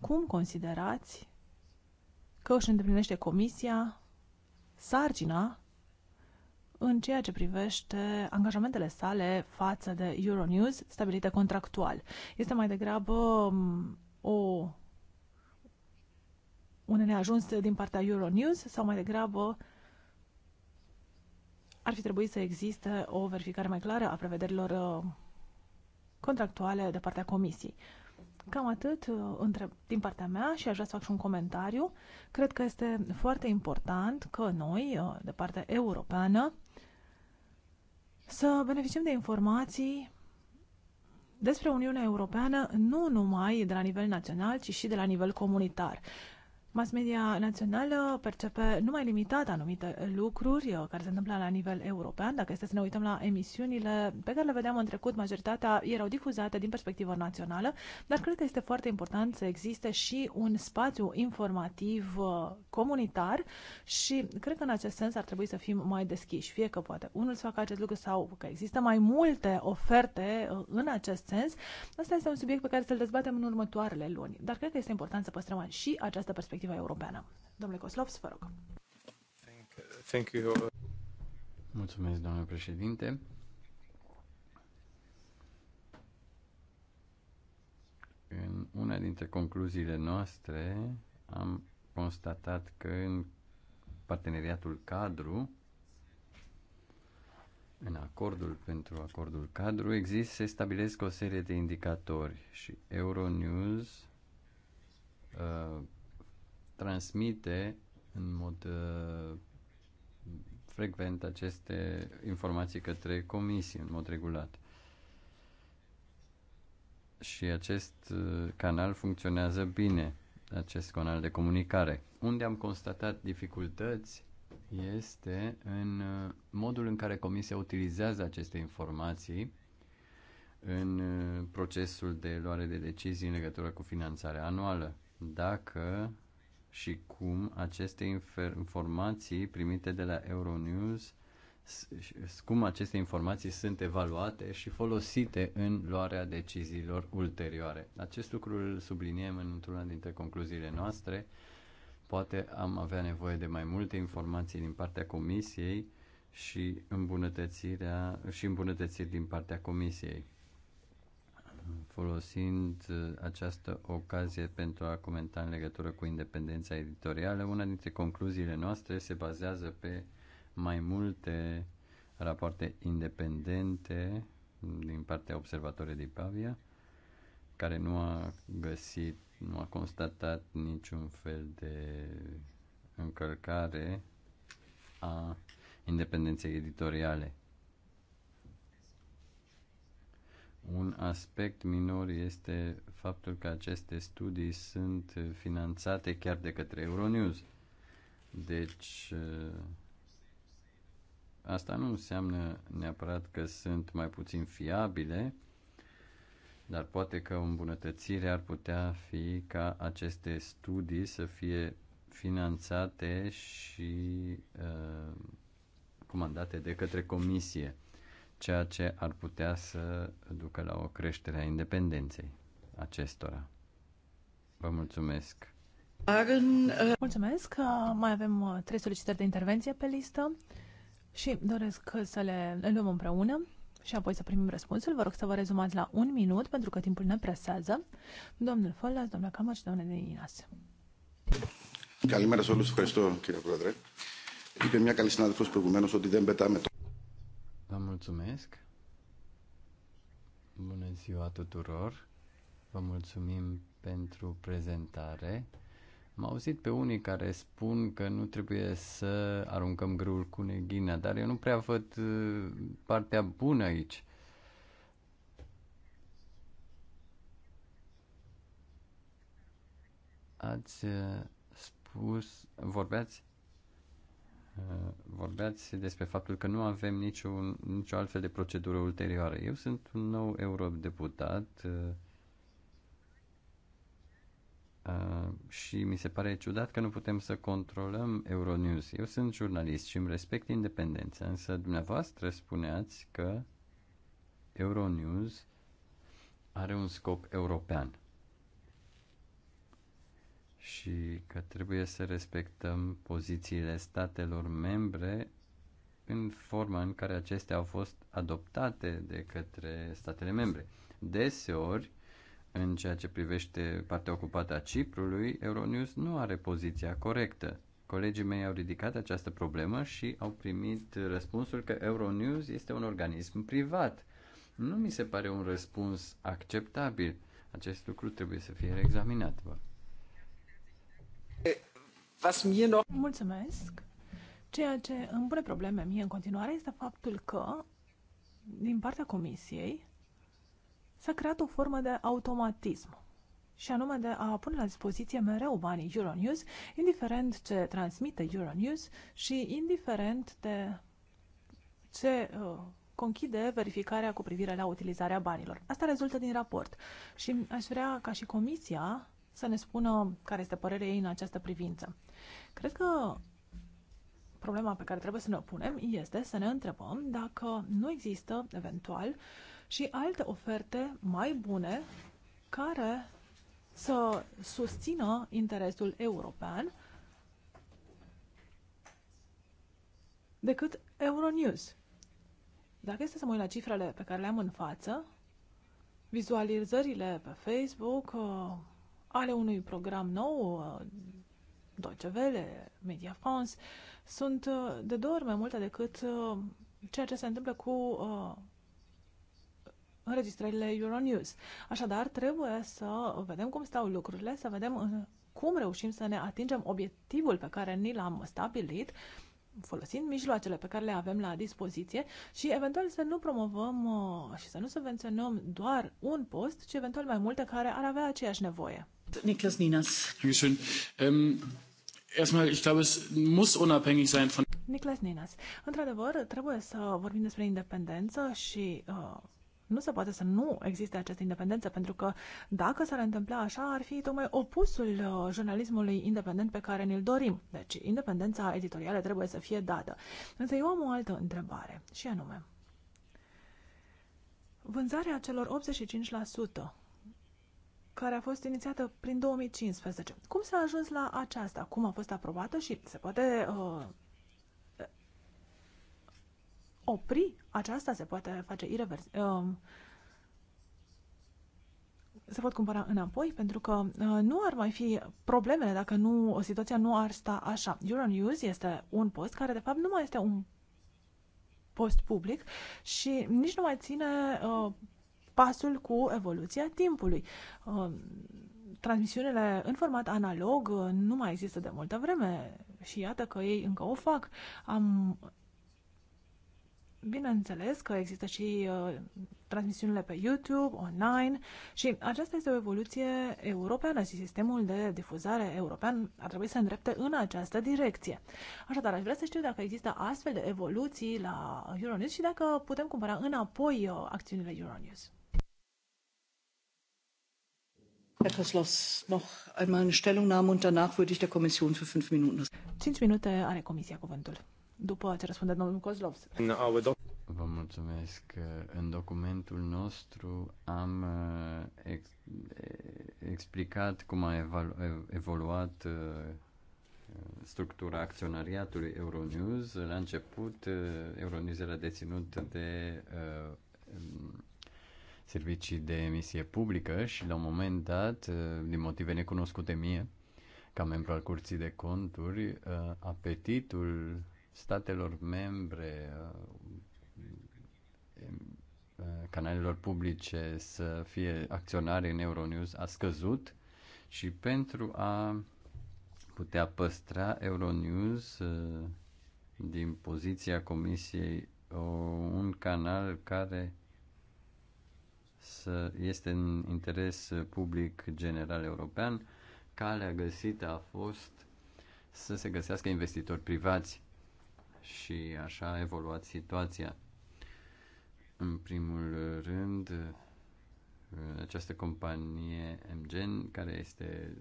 Cum considerați că își îndeplinește comisia sarcina în ceea ce privește angajamentele sale față de Euronews stabilite contractual? Este mai degrabă o un neajuns din partea Euronews sau mai degrabă ar fi trebuit să existe o verificare mai clară a prevederilor uh, contractuale de partea Comisiei. Cam atât uh, între, din partea mea și aș vrea să fac și un comentariu. Cred că este foarte important că noi, uh, de partea europeană, să beneficiem de informații despre Uniunea Europeană nu numai de la nivel național, ci și de la nivel comunitar. Mass media națională percepe numai limitat anumite lucruri uh, care se întâmplă la nivel european. Dacă este să ne uităm la emisiunile pe care le vedeam în trecut, majoritatea erau difuzate din perspectivă națională, dar cred că este foarte important să existe și un spațiu informativ uh, comunitar și cred că în acest sens ar trebui să fim mai deschiși, fie că poate unul să facă acest lucru sau că există mai multe oferte uh, în acest sens. Asta este un subiect pe care să-l dezbatem în următoarele luni, dar cred că este important să păstrăm și această perspectivă directiva europeană. Domnule Koslovs, vă rog. Thank you. Mulțumesc, domnule președinte. În una dintre concluziile noastre am constatat că în parteneriatul cadru, în acordul pentru acordul cadru, există, se stabilesc o serie de indicatori și Euronews uh, transmite în mod uh, frecvent aceste informații către comisii în mod regulat. Și acest uh, canal funcționează bine, acest canal de comunicare. Unde am constatat dificultăți este în uh, modul în care comisia utilizează aceste informații în uh, procesul de luare de decizii în legătură cu finanțarea anuală. Dacă și cum aceste informații primite de la Euronews cum aceste informații sunt evaluate și folosite în luarea deciziilor ulterioare. Acest lucru îl subliniem într-una dintre concluziile noastre. Poate am avea nevoie de mai multe informații din partea comisiei și îmbunătățirea și îmbunătățiri din partea comisiei folosind uh, această ocazie pentru a comenta în legătură cu independența editorială. Una dintre concluziile noastre se bazează pe mai multe rapoarte independente din partea observatorului de Pavia, care nu a găsit, nu a constatat niciun fel de încălcare a independenței editoriale. Un aspect minor este faptul că aceste studii sunt finanțate chiar de către Euronews. Deci, ă, asta nu înseamnă neapărat că sunt mai puțin fiabile, dar poate că o îmbunătățire ar putea fi ca aceste studii să fie finanțate și uh, comandate de către comisie ceea ce ar putea să ducă la o creștere a independenței acestora. Vă mulțumesc! Mulțumesc! Mai avem uh, trei solicitări de intervenție pe listă și doresc să le luăm împreună și apoi să primim răspunsul. Vă rog să vă rezumați la un minut, pentru că timpul ne presează. Domnul Follas, domnul Camar și domnul Deninas. Καλημέρα σε όλους. Ευχαριστώ, κύριε Πρόεδρε. Είπε μια καλή συνάδελφος προηγουμένως ότι δεν πετάμε Mulțumesc. Bună ziua tuturor. Vă mulțumim pentru prezentare. Am auzit pe unii care spun că nu trebuie să aruncăm grâul cu neghina, dar eu nu prea văd uh, partea bună aici. Ați uh, spus, vorbeați Eh, vorbeați despre faptul că nu avem niciun, nicio altfel de procedură ulterioară. Eu sunt un nou eurodeputat eh, eh, și mi se pare ciudat că nu putem să controlăm Euronews. Eu sunt jurnalist și îmi respect independența, însă dumneavoastră spuneați că Euronews are un scop european și că trebuie să respectăm pozițiile statelor membre în forma în care acestea au fost adoptate de către statele membre. Deseori, în ceea ce privește partea ocupată a Ciprului, Euronews nu are poziția corectă. Colegii mei au ridicat această problemă și au primit răspunsul că Euronews este un organism privat. Nu mi se pare un răspuns acceptabil. Acest lucru trebuie să fie examinat. Mulțumesc. Ceea ce îmi pune probleme mie în continuare este faptul că, din partea Comisiei, s-a creat o formă de automatism și anume de a pune la dispoziție mereu banii Euronews, indiferent ce transmite Euronews și indiferent de ce uh, conchide verificarea cu privire la utilizarea banilor. Asta rezultă din raport și aș vrea ca și Comisia să ne spună care este părerea ei în această privință. Cred că problema pe care trebuie să ne o punem este să ne întrebăm dacă nu există eventual și alte oferte mai bune care să susțină interesul european decât Euronews. Dacă este să mă uit la cifrele pe care le am în față, vizualizările pe Facebook, uh, ale unui program nou, uh, Deutsche Welle, Media France, sunt uh, de două ori mai multe decât uh, ceea ce se întâmplă cu înregistrările Euronews. Așadar, trebuie să vedem cum stau lucrurile, să vedem cum reușim să ne atingem obiectivul pe care ni l-am stabilit, folosind mijloacele pe care le avem la dispoziție și eventual să nu promovăm și să nu subvenționăm doar un post, ci eventual mai multe care ar avea aceeași nevoie. Niklas Ninas. Dankeschön. Ähm, erstmal, ich glaube, es muss unabhängig sein von. Niklas Ninas. Într-adevăr, trebuie să vorbim despre independență și uh, nu se poate să nu existe această independență, pentru că dacă s-ar întâmpla așa, ar fi tocmai opusul uh, jurnalismului independent pe care ne-l dorim. Deci, independența editorială trebuie să fie dată. Însă eu am o altă întrebare, și anume. Vânzarea celor 85% care a fost inițiată prin 2015. Cum s-a ajuns la aceasta? Cum a fost aprobată și se poate uh, opri aceasta? Se poate face irrevers. Uh, se pot cumpăra înapoi, pentru că uh, nu ar mai fi problemele dacă nu, situația nu ar sta așa. Euronews este un post care, de fapt, nu mai este un post public și nici nu mai ține uh, pasul cu evoluția timpului. Um, transmisiunile în format analog uh, nu mai există de multă vreme și iată că ei încă o fac. Am Bineînțeles că există și uh, transmisiunile pe YouTube, online și aceasta este o evoluție europeană și sistemul de difuzare european ar trebui să îndrepte în această direcție. Așadar, aș vrea să știu dacă există astfel de evoluții la Euronews și dacă putem cumpăra înapoi uh, acțiunile Euronews. Herr Koslos, noch einmal eine Stellungnahme und danach würde ich der Kommission für fünf Minuten. Cinci minute are Comisia cuvântul. După ce răspunde domnul Kozlovs. Vă mulțumesc. În documentul nostru am uh, ex- explicat cum a evoluat uh, structura acționariatului Euronews. La început, uh, Euronews era deținut de servicii de emisie publică și la un moment dat, uh, din motive necunoscute mie, ca membru al Curții de Conturi, uh, apetitul statelor membre, uh, canalelor publice să fie acționari în Euronews a scăzut și pentru a putea păstra Euronews din poziția Comisiei un canal care să este în interes public general european. Calea găsită a fost să se găsească investitori privați și așa a evoluat situația. În primul rând, această companie MGen, care este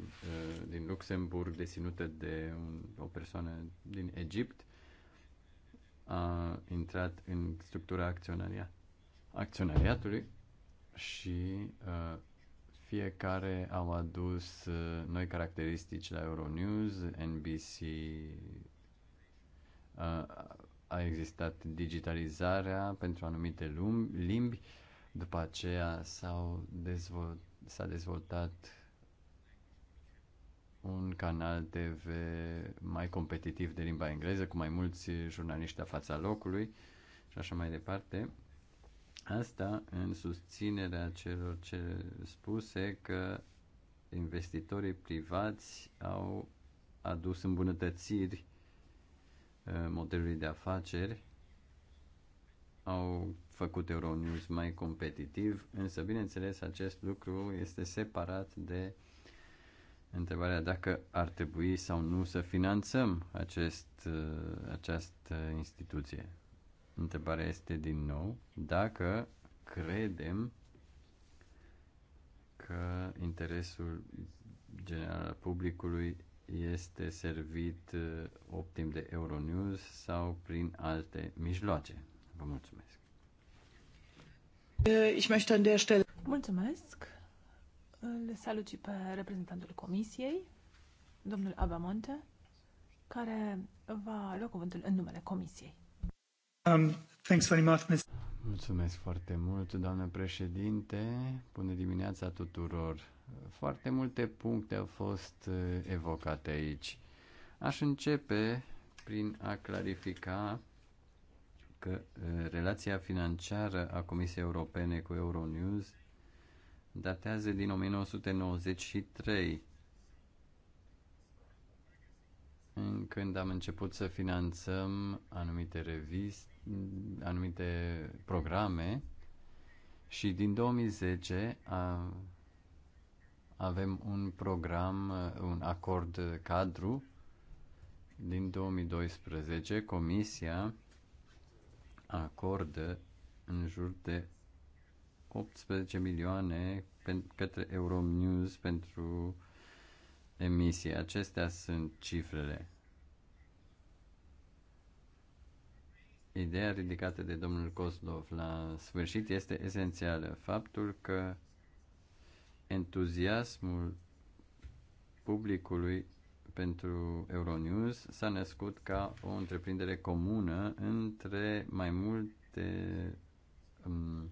uh, din Luxemburg, deținută de o persoană din Egipt, a intrat în structura acționariată acționariatului și uh, fiecare au adus uh, noi caracteristici la Euronews, NBC, uh, a existat digitalizarea pentru anumite limbi, după aceea s-au dezvolt, s-a dezvoltat un canal TV mai competitiv de limba engleză, cu mai mulți jurnaliști a fața locului și așa mai departe. Asta în susținerea celor ce spuse că investitorii privați au adus îmbunătățiri uh, modelului de afaceri, au făcut Euronews mai competitiv, însă, bineînțeles, acest lucru este separat de întrebarea dacă ar trebui sau nu să finanțăm acest, uh, această instituție. Întrebarea este din nou dacă credem că interesul general al publicului este servit uh, optim de Euronews sau prin alte mijloace. Vă mulțumesc. Uh, ich möchte an der Stelle... Mulțumesc. Le salut și pe reprezentantul Comisiei, domnul Abamonte, care va lua cuvântul în numele Comisiei. Um, thanks very much, Ms. Mulțumesc foarte mult, doamnă președinte. Bună dimineața tuturor. Foarte multe puncte au fost uh, evocate aici. Aș începe prin a clarifica că uh, relația financiară a Comisiei Europene cu Euronews datează din 1993 când am început să finanțăm anumite reviste, anumite programe și din 2010 a, avem un program, un acord cadru. Din 2012 Comisia acordă în jur de 18 milioane către Euronews pentru emisie. Acestea sunt cifrele. Ideea ridicată de domnul Kozlov la sfârșit este esențială. Faptul că entuziasmul publicului pentru Euronews s-a născut ca o întreprindere comună între mai multe um,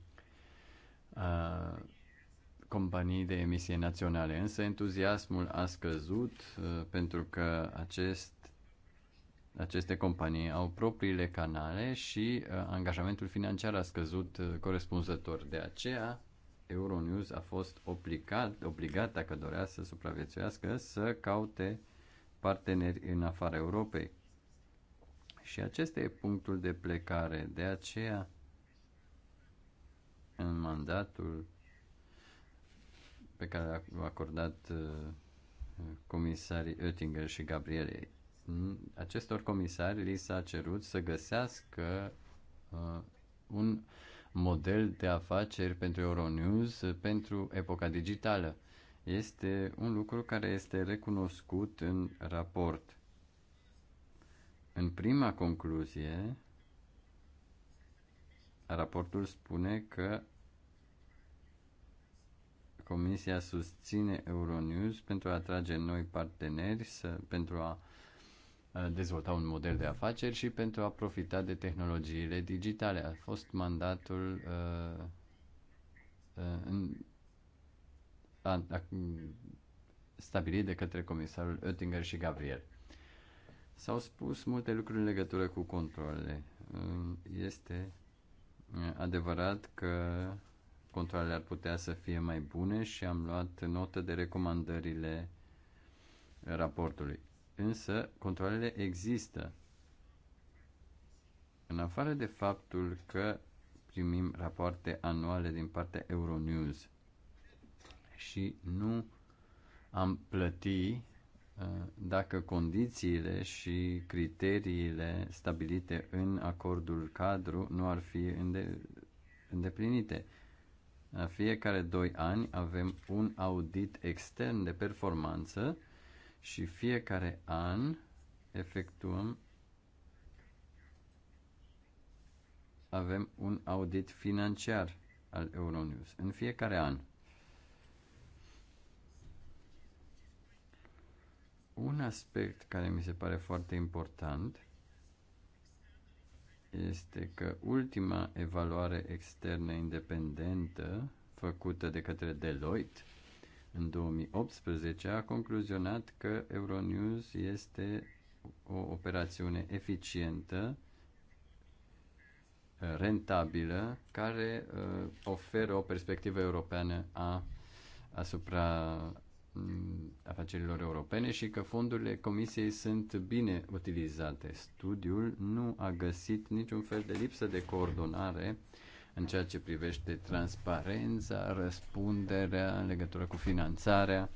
uh, companii de emisie naționale, însă entuziasmul a scăzut uh, pentru că acest, aceste companii au propriile canale și uh, angajamentul financiar a scăzut uh, corespunzător. De aceea, Euronews a fost obligat, obligat dacă dorea să supraviețuiască, să caute parteneri în afara Europei. Și acesta e punctul de plecare. De aceea, în mandatul pe care l-a acordat uh, comisarii Oettinger și Gabriele. Acestor comisari li s-a cerut să găsească uh, un model de afaceri pentru Euronews uh, pentru epoca digitală. Este un lucru care este recunoscut în raport. În prima concluzie, raportul spune că Comisia susține Euronews pentru a atrage noi parteneri, să, pentru a dezvolta un model de afaceri și pentru a profita de tehnologiile digitale. A fost mandatul uh, în, a, a, stabilit de către comisarul Oettinger și Gabriel. S-au spus multe lucruri în legătură cu controlele. Este adevărat că controlele ar putea să fie mai bune și am luat notă de recomandările raportului. Însă, controlele există. În afară de faptul că primim rapoarte anuale din partea Euronews și nu am plăti ă, dacă condițiile și criteriile stabilite în acordul cadru nu ar fi îndeplinite. La fiecare 2 ani avem un audit extern de performanță și fiecare an efectuăm avem un audit financiar al Euronews în fiecare an. Un aspect care mi se pare foarte important este că ultima evaluare externă independentă făcută de către Deloitte în 2018 a concluzionat că Euronews este o operațiune eficientă, rentabilă, care uh, oferă o perspectivă europeană a, asupra Mm, afacerilor europene și că fondurile Comisiei sunt bine utilizate. Studiul nu a găsit niciun fel de lipsă de coordonare în ceea ce privește transparența, răspunderea în legătură cu finanțarea.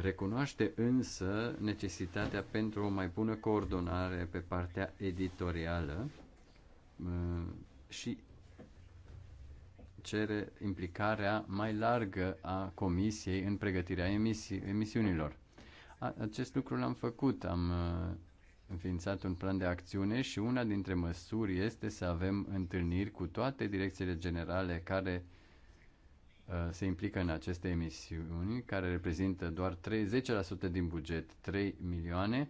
Recunoaște însă necesitatea pentru o mai bună coordonare pe partea editorială mm, și cere implicarea mai largă a Comisiei în pregătirea emisi- emisiunilor. Acest lucru l-am făcut, am uh, înființat un plan de acțiune și una dintre măsuri este să avem întâlniri cu toate direcțiile generale care uh, se implică în aceste emisiuni, care reprezintă doar 30% din buget, 3 milioane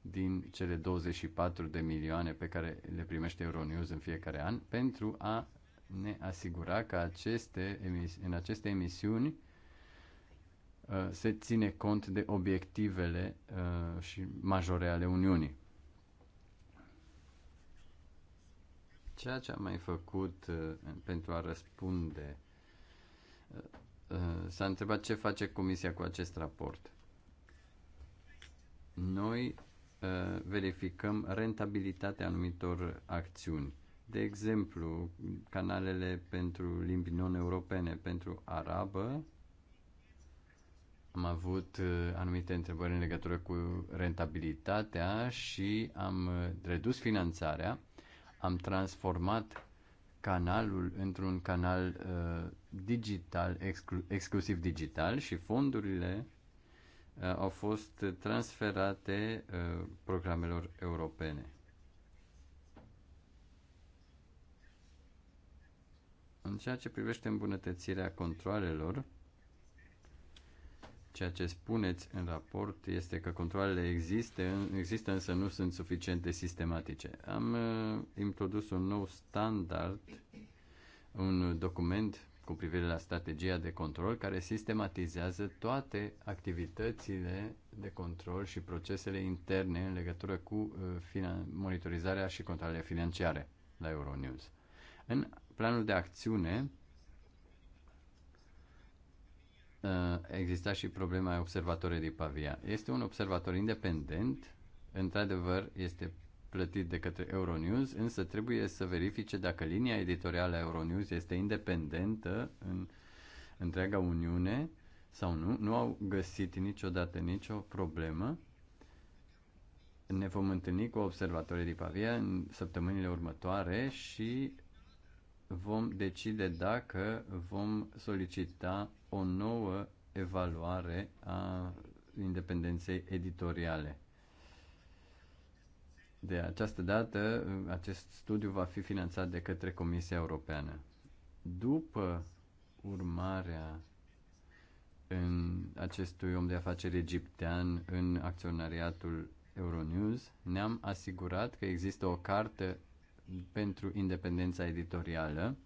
din cele 24 de milioane pe care le primește Euronews în fiecare an, pentru a ne asigura că aceste în aceste emisiuni uh, se ține cont de obiectivele uh, și majore ale Uniunii. Ceea ce am mai făcut uh, pentru a răspunde s-a întrebat ce face Comisia cu acest raport. Noi verificăm rentabilitatea anumitor acțiuni de exemplu, canalele pentru limbi non-europene, pentru arabă, am avut uh, anumite întrebări în legătură cu rentabilitatea și am uh, redus finanțarea, am transformat canalul într-un canal uh, digital, exclu- exclusiv digital și fondurile uh, au fost transferate uh, programelor europene. În ceea ce privește îmbunătățirea controlelor, ceea ce spuneți în raport este că controlele există, există însă nu sunt suficient de sistematice. Am uh, introdus un nou standard, un document cu privire la strategia de control care sistematizează toate activitățile de control și procesele interne în legătură cu uh, monitorizarea și controlele financiare la Euronews. În planul de acțiune uh, exista și problema observatorului de Pavia. Este un observator independent, într-adevăr este plătit de către Euronews, însă trebuie să verifice dacă linia editorială a Euronews este independentă în întreaga Uniune sau nu. Nu au găsit niciodată nicio problemă. Ne vom întâlni cu observatorii din Pavia în săptămânile următoare și vom decide dacă vom solicita o nouă evaluare a independenței editoriale. De această dată, acest studiu va fi finanțat de către Comisia Europeană. După urmarea în acestui om de afaceri egiptean în acționariatul Euronews, ne-am asigurat că există o carte pentru independența editorială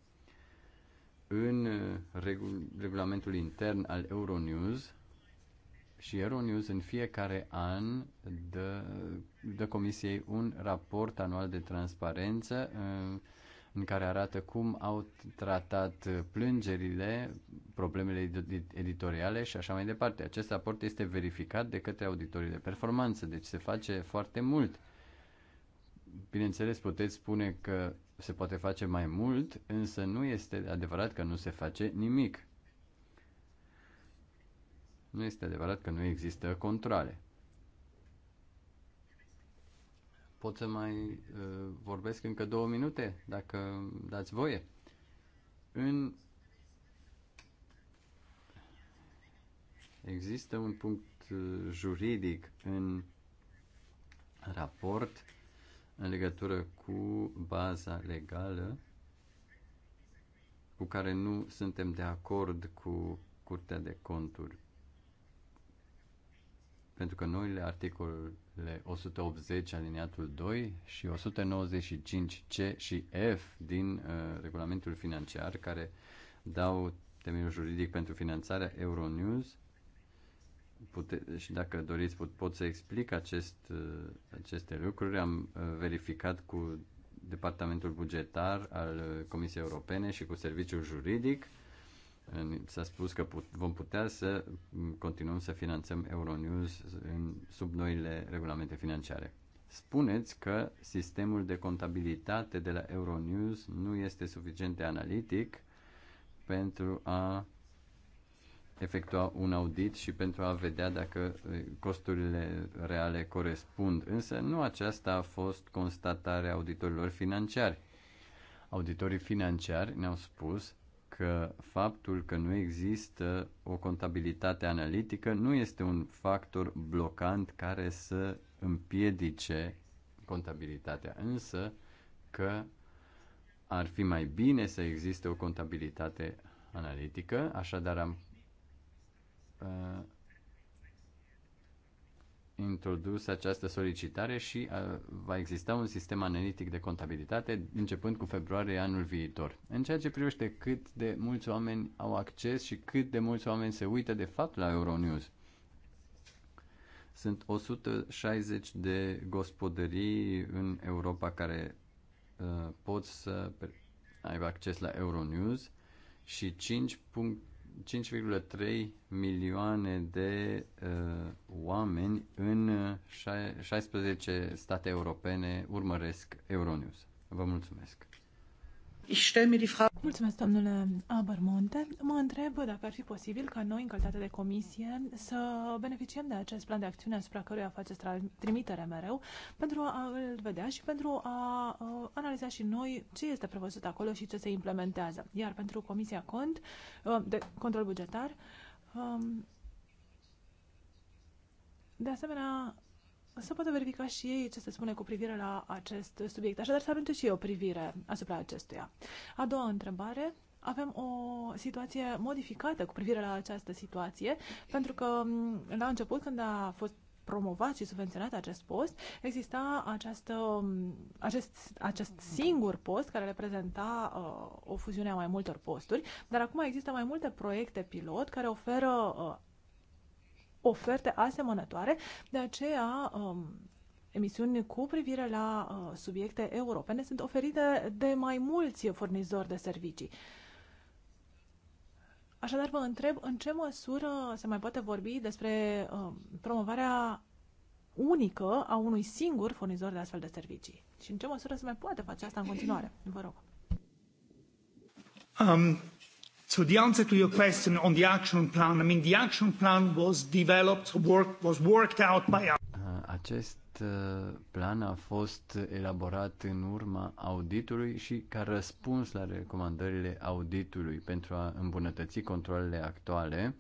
în uh, regul, regulamentul intern al Euronews și Euronews în fiecare an dă, dă comisiei un raport anual de transparență uh, în care arată cum au tratat plângerile, problemele editoriale și așa mai departe. Acest raport este verificat de către auditorii de performanță, deci se face foarte mult Bineînțeles, puteți spune că se poate face mai mult, însă nu este adevărat că nu se face nimic. Nu este adevărat că nu există controle. Pot să mai uh, vorbesc încă două minute, dacă dați voie. În Există un punct uh, juridic în raport în legătură cu baza legală cu care nu suntem de acord cu Curtea de Conturi. Pentru că noile articolele 180 aliniatul 2 și 195 C și F din uh, regulamentul financiar care dau temeiul juridic pentru finanțarea Euronews pute- și dacă doriți pot, pot să explic acest, uh, aceste lucruri. Am uh, verificat cu Departamentul Bugetar al Comisiei Europene și cu Serviciul Juridic. S-a spus că put- vom putea să mm, continuăm să finanțăm Euronews în, sub noile regulamente financiare. Spuneți că sistemul de contabilitate de la Euronews nu este suficient de analitic pentru a efectua un audit și pentru a vedea dacă eh, costurile reale corespund. Însă nu aceasta a fost constatarea auditorilor financiari. Auditorii financiari ne-au spus că faptul că nu există o contabilitate analitică nu este un factor blocant care să împiedice contabilitatea, însă că ar fi mai bine să existe o contabilitate analitică, așadar am uh, introdus această solicitare și uh, va exista un sistem analitic de contabilitate începând cu februarie anul viitor. În ceea ce privește cât de mulți oameni au acces și cât de mulți oameni se uită de fapt la Euronews. Sunt 160 de gospodării în Europa care uh, pot să aibă acces la Euronews și 5 5,3 milioane de uh, oameni în 16 state europene urmăresc Euronews. Vă mulțumesc! Mulțumesc, domnule Abermonte. Mă întreb dacă ar fi posibil ca noi, în calitate de comisie, să beneficiem de acest plan de acțiune asupra căruia faceți trimitere mereu, pentru a îl vedea și pentru a uh, analiza și noi ce este prevăzut acolo și ce se implementează. Iar pentru Comisia Cont, uh, de control bugetar, um, de asemenea, să poată verifica și ei ce se spune cu privire la acest subiect. Așadar, să arunce și eu o privire asupra acestuia. A doua întrebare. Avem o situație modificată cu privire la această situație, pentru că la început, când a fost promovat și subvenționat acest post, exista această, acest, acest singur post care reprezenta uh, o fuziune a mai multor posturi, dar acum există mai multe proiecte pilot care oferă uh, oferte asemănătoare, de aceea um, emisiuni cu privire la uh, subiecte europene sunt oferite de mai mulți furnizori de servicii. Așadar, vă întreb în ce măsură se mai poate vorbi despre um, promovarea unică a unui singur furnizor de astfel de servicii și în ce măsură se mai poate face asta în continuare. Vă rog. Um, So the answer to your question on the action plan, I mean, the action plan was developed, work, was worked out by us. Acest uh, plan a fost elaborat în urma auditului și ca răspuns la recomandările auditului pentru a îmbunătăți controlele actuale,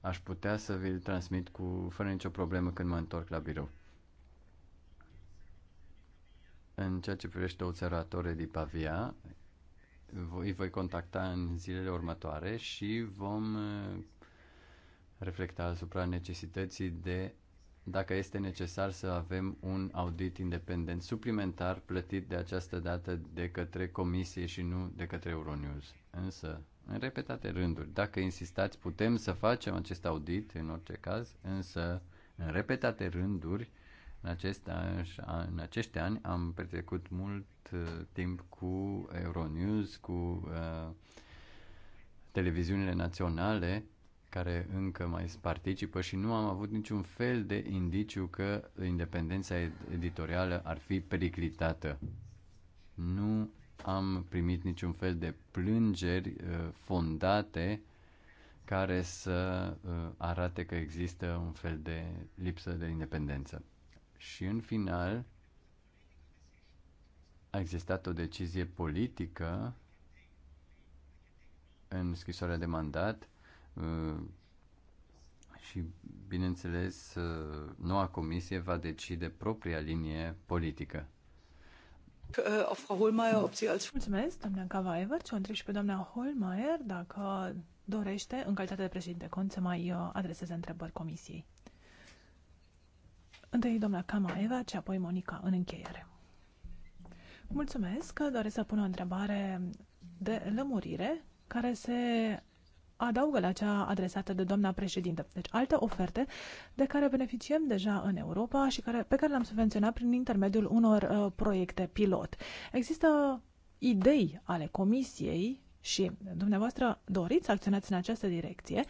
aș putea să vi-l transmit cu, fără nicio problemă când mă întorc la birou. În ceea ce privește observatorii din Pavia, îi voi contacta în zilele următoare și vom uh, reflecta asupra necesității de dacă este necesar să avem un audit independent suplimentar plătit de această dată de către comisie și nu de către Euronews. Însă, în repetate rânduri, dacă insistați, putem să facem acest audit în orice caz, însă, în repetate rânduri, în, acest an, în acești ani am petrecut mult uh, timp cu Euronews, cu uh, televiziunile naționale care încă mai participă și nu am avut niciun fel de indiciu că independența editorială ar fi periclitată. Nu am primit niciun fel de plângeri uh, fondate care să uh, arate că există un fel de lipsă de independență. Și în final, a existat o decizie politică în scrisoarea de mandat uh, și, bineînțeles, uh, noua comisie va decide propria linie politică. Uh, Mulțumesc, doamna Gava Ce o întreb și pe doamna Holmeier dacă dorește, în calitate de președinte Cont, să mai adreseze întrebări comisiei. Întâi doamna Eva și apoi Monica în încheiere. Mulțumesc doresc să pun o întrebare de lămurire care se adaugă la cea adresată de doamna președintă. Deci alte oferte de care beneficiem deja în Europa și care, pe care le-am subvenționat prin intermediul unor uh, proiecte pilot. Există idei ale comisiei și dumneavoastră doriți să acționați în această direcție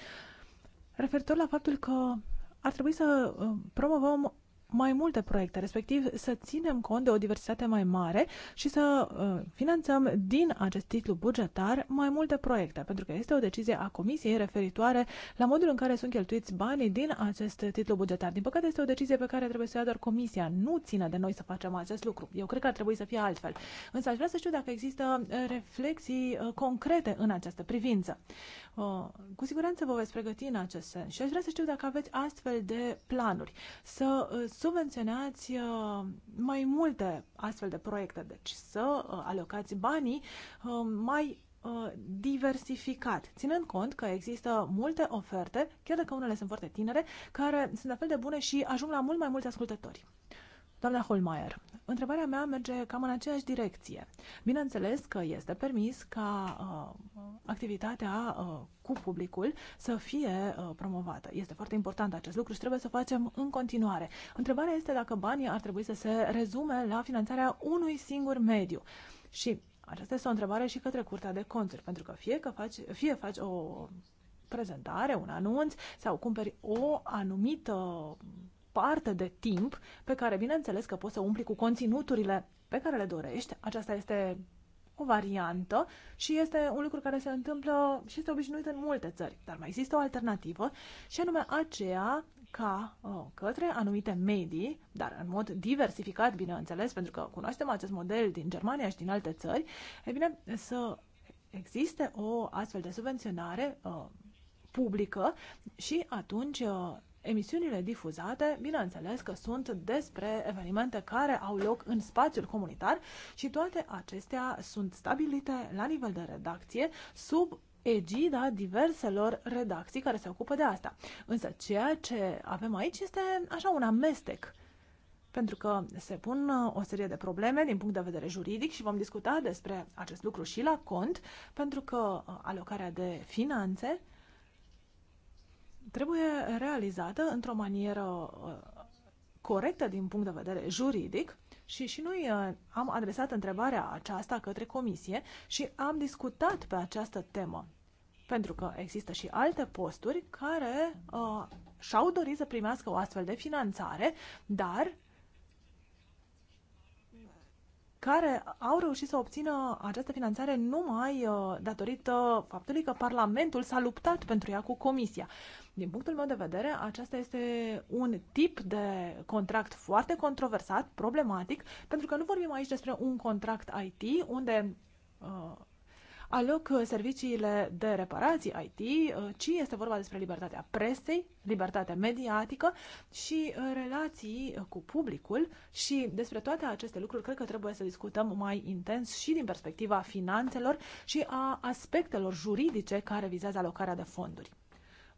referitor la faptul că ar trebui să uh, promovăm mai multe proiecte, respectiv să ținem cont de o diversitate mai mare și să uh, finanțăm din acest titlu bugetar mai multe proiecte, pentru că este o decizie a Comisiei referitoare la modul în care sunt cheltuiți banii din acest titlu bugetar. Din păcate, este o decizie pe care trebuie să o ia doar Comisia. Nu ține de noi să facem acest lucru. Eu cred că ar trebui să fie altfel. Însă aș vrea să știu dacă există uh, reflexii uh, concrete în această privință. Uh, cu siguranță vă veți pregăti în acest sens și aș vrea să știu dacă aveți astfel de planuri. Să subvenționați uh, mai multe astfel de proiecte, deci să uh, alocați banii uh, mai diversificat, ținând cont că există multe oferte, chiar dacă unele sunt foarte tinere, care sunt la fel de bune și ajung la mult mai mulți ascultători. Doamna Holmeier, întrebarea mea merge cam în aceeași direcție. Bineînțeles că este permis ca uh, activitatea uh, cu publicul să fie uh, promovată. Este foarte important acest lucru și trebuie să facem în continuare. Întrebarea este dacă banii ar trebui să se rezume la finanțarea unui singur mediu. Și aceasta este o întrebare și către Curtea de Conturi, pentru că fie, că faci, fie faci o prezentare, un anunț sau cumperi o anumită parte de timp pe care, bineînțeles, că poți să umpli cu conținuturile pe care le dorești. Aceasta este o variantă și este un lucru care se întâmplă și este obișnuit în multe țări. Dar mai există o alternativă și anume aceea ca uh, către anumite medii, dar în mod diversificat, bineînțeles, pentru că cunoaștem acest model din Germania și din alte țări, e bine să existe o astfel de subvenționare uh, publică și atunci uh, Emisiunile difuzate, bineînțeles că sunt despre evenimente care au loc în spațiul comunitar și toate acestea sunt stabilite la nivel de redacție sub egida diverselor redacții care se ocupă de asta. Însă ceea ce avem aici este așa un amestec pentru că se pun uh, o serie de probleme din punct de vedere juridic și vom discuta despre acest lucru și la cont, pentru că uh, alocarea de finanțe trebuie realizată într-o manieră uh, corectă din punct de vedere juridic și și noi uh, am adresat întrebarea aceasta către comisie și am discutat pe această temă. Pentru că există și alte posturi care uh, și-au dorit să primească o astfel de finanțare, dar care au reușit să obțină această finanțare numai uh, datorită faptului că Parlamentul s-a luptat pentru ea cu Comisia. Uh, din punctul meu de vedere, acesta este un tip de contract foarte controversat, problematic, pentru că nu vorbim aici despre un contract IT unde uh, aloc serviciile de reparații IT, uh, ci este vorba despre libertatea presei, libertatea mediatică și uh, relații uh, cu publicul și despre toate aceste lucruri cred că trebuie să discutăm mai intens și din perspectiva finanțelor și a aspectelor juridice care vizează alocarea de fonduri.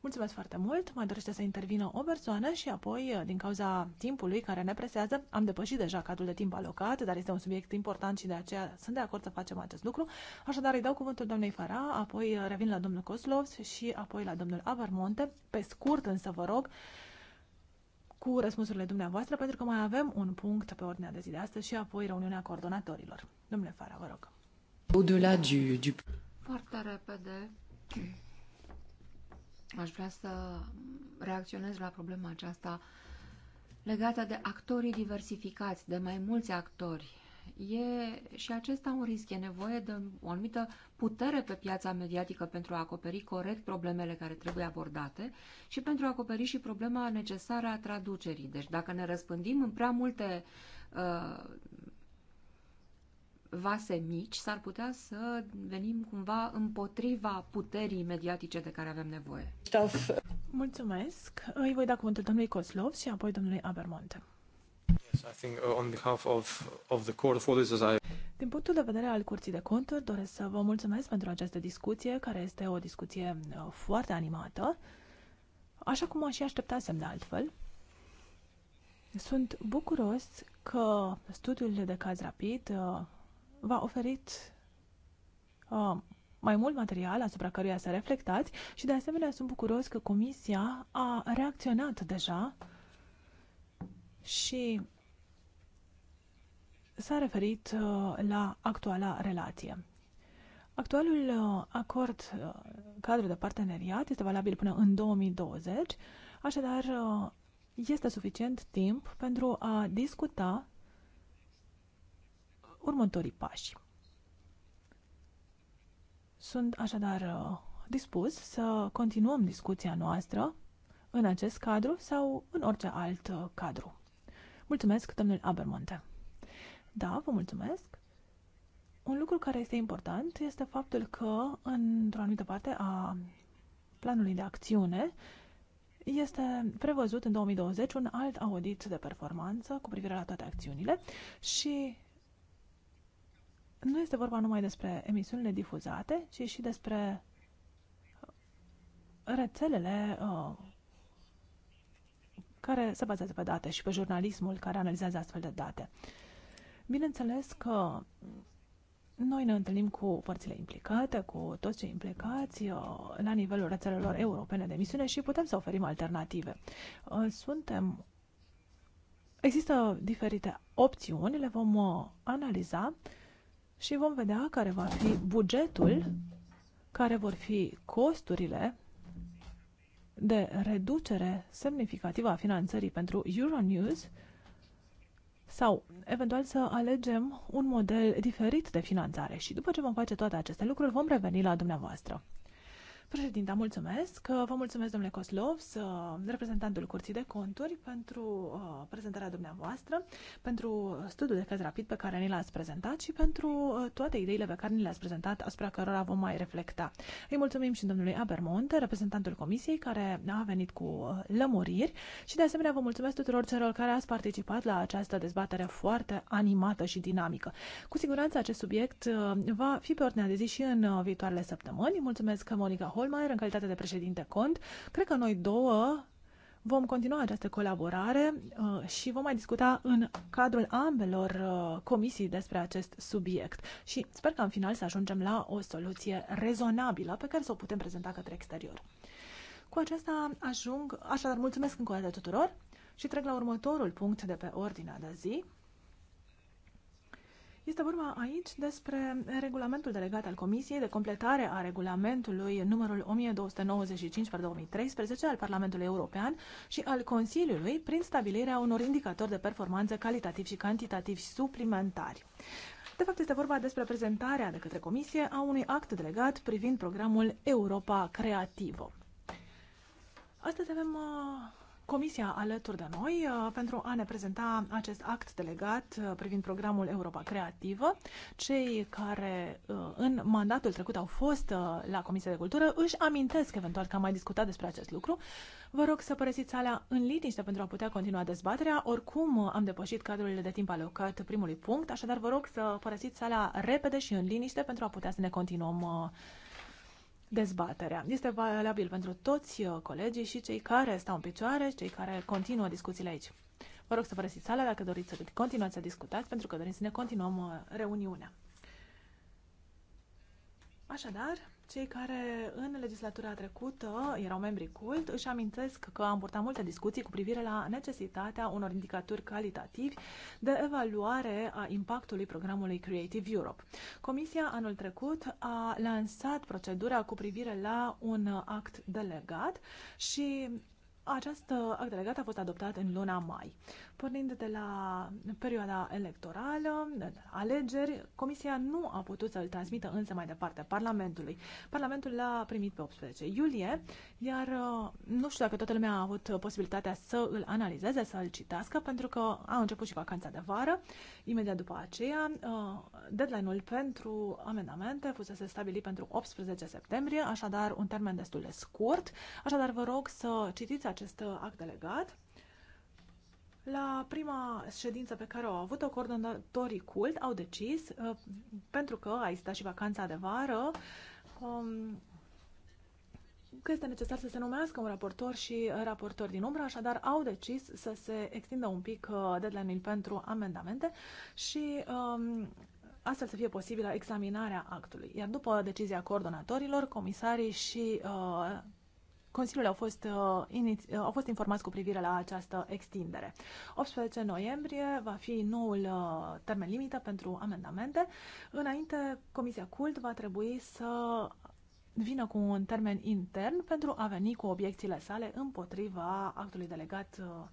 Mulțumesc foarte mult! Mai dorește să intervină o persoană și apoi, uh, din cauza timpului care ne presează, am depășit deja cadrul de timp alocat, dar este un subiect important și de aceea sunt de acord să facem acest lucru. Așadar, îi dau cuvântul doamnei Fara, apoi uh, revin la domnul Koslovs și apoi la domnul Avermonte. Pe scurt, însă, vă rog, cu răspunsurile dumneavoastră, pentru că mai avem un punct pe ordinea de zi de astăzi și apoi reuniunea coordonatorilor. Domnule Fara, vă rog. au du... Foarte repede. Aș vrea să reacționez la problema aceasta legată de actorii diversificați, de mai mulți actori. E și acesta un risc. E nevoie de o anumită putere pe piața mediatică pentru a acoperi corect problemele care trebuie abordate și pentru a acoperi și problema necesară a traducerii. Deci dacă ne răspândim în prea multe uh, vase mici, s-ar putea să venim cumva împotriva puterii mediatice de care avem nevoie. Mulțumesc. Îi voi da cuvântul domnului Coslov și apoi domnului Abermonte. Uh, Din punctul de vedere al Curții de Conturi, doresc să vă mulțumesc pentru această discuție, care este o discuție uh, foarte animată, așa cum aș și semn de altfel. Sunt bucuros că studiul de caz rapid uh, v-a oferit uh, mai mult material asupra căruia să reflectați și de asemenea sunt bucuros că Comisia a reacționat deja și s-a referit uh, la actuala relație. Actualul uh, acord uh, cadru de parteneriat este valabil până în 2020, așadar este suficient timp pentru a discuta următorii pași. Sunt așadar uh, dispus să continuăm discuția noastră în acest cadru sau în orice alt uh, cadru. Mulțumesc, domnul Abermonte. Da, vă mulțumesc. Un lucru care este important este faptul că, într-o anumită parte a planului de acțiune, este prevăzut în 2020 un alt audit de performanță cu privire la toate acțiunile și nu este vorba numai despre emisiunile difuzate, ci și despre uh, rețelele uh, care se bazează pe date și pe jurnalismul care analizează astfel de date. Bineînțeles că noi ne întâlnim cu părțile implicate, cu toți cei implicați uh, la nivelul rețelelor europene de emisiune și putem să oferim alternative. Suntem Există diferite opțiuni, le vom analiza și vom vedea care va fi bugetul, care vor fi costurile de reducere semnificativă a finanțării pentru Euronews sau eventual să alegem un model diferit de finanțare și după ce vom face toate aceste lucruri vom reveni la dumneavoastră. Președinta, mulțumesc. Uh, vă mulțumesc, domnule Koslovs, uh, reprezentantul Curții de Conturi, pentru uh, prezentarea dumneavoastră, pentru studiul de caz rapid pe care ni l-ați prezentat și pentru toate ideile pe care ni le-ați prezentat, asupra cărora vom mai reflecta. Îi mulțumim și domnului Abermonte, reprezentantul Comisiei, care a venit cu lămuriri și, de asemenea, vă mulțumesc tuturor celor care ați participat la această dezbatere foarte animată și dinamică. Cu siguranță, acest subiect va fi pe ordinea de zi și în viitoarele săptămâni. Mulțumesc, Monica Holmeier în calitate de președinte cont. Cred că noi două vom continua această colaborare uh, și vom mai discuta în cadrul ambelor uh, comisii despre acest subiect. Și sper că în final să ajungem la o soluție rezonabilă pe care să o putem prezenta către exterior. Cu aceasta ajung, așadar mulțumesc încă o dată tuturor și trec la următorul punct de pe ordinea de zi, este vorba aici despre regulamentul delegat al Comisiei de completare a regulamentului numărul 1295 per 2013 al Parlamentului European și al Consiliului prin stabilirea unor indicatori de performanță calitativ și cantitativ suplimentari. De fapt, este vorba despre prezentarea de către Comisie a unui act delegat privind programul Europa Creativă. Astăzi avem uh, Comisia alături de noi uh, pentru a ne prezenta acest act delegat uh, privind programul Europa Creativă. Cei care uh, în mandatul trecut au fost la Comisia de Cultură își amintesc eventual că am mai discutat despre acest lucru. Vă rog să părăsiți sala în liniște pentru a putea continua dezbaterea. Oricum am depășit cadrurile de timp alocat primului punct, așadar vă rog să părăsiți sala repede și în liniște pentru a putea să ne continuăm dezbaterea. Este valabil pentru toți uh, colegii și cei care stau în picioare și cei care continuă discuțiile aici. Vă rog să vă răsiți sala dacă doriți să continuați să discutați, pentru că dorim să ne continuăm uh, reuniunea. Așadar, cei care în legislatura trecută erau membri cult își amintesc că am purtat multe discuții cu privire la necesitatea unor indicatori calitativi de evaluare a impactului programului Creative Europe. Comisia anul trecut a lansat procedura cu privire la un act delegat și această act delegat a fost adoptat în luna mai. Pornind de la perioada electorală, de la alegeri, Comisia nu a putut să-l transmită însă mai departe Parlamentului. Parlamentul l-a primit pe 18 iulie, iar uh, nu știu dacă toată lumea a avut posibilitatea să îl analizeze, să îl citească, pentru că a început și vacanța de vară. Imediat după aceea, uh, deadline-ul pentru amendamente fusese stabilit pentru 18 septembrie, așadar un termen destul de scurt. Așadar, vă rog să citiți acest uh, act delegat. La prima ședință pe care au avut-o, coordonatorii cult au decis, uh, pentru că a existat și vacanța de vară, um, că este necesar să se numească un raportor și raportor din umbră, așadar au decis să se extindă un pic uh, deadline-ul pentru amendamente și um, astfel să fie posibilă examinarea actului. Iar după decizia coordonatorilor, comisarii și uh, Consiliul au fost, uh, uh, au fost informați cu privire la această extindere. 18 noiembrie va fi noul uh, termen limită pentru amendamente. Înainte, Comisia Cult va trebui să vină cu un termen intern pentru a veni cu obiecțiile sale împotriva actului delegat, uh.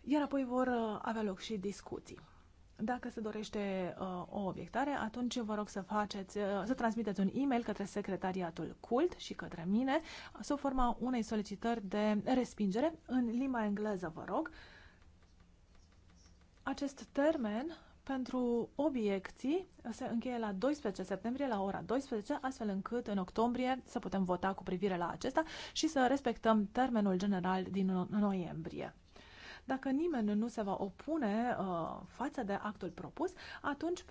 iar apoi vor uh, avea loc și discuții. Dacă se dorește uh, o obiectare, atunci vă rog să faceți, uh, să transmiteți un e-mail către secretariatul CULT și către mine sub forma unei solicitări de respingere în limba engleză, vă rog. Acest termen pentru obiecții se încheie la 12 septembrie la ora 12, astfel încât în octombrie să putem vota cu privire la acesta și să respectăm termenul general din noiembrie. Dacă nimeni nu se va opune uh, față de actul propus, atunci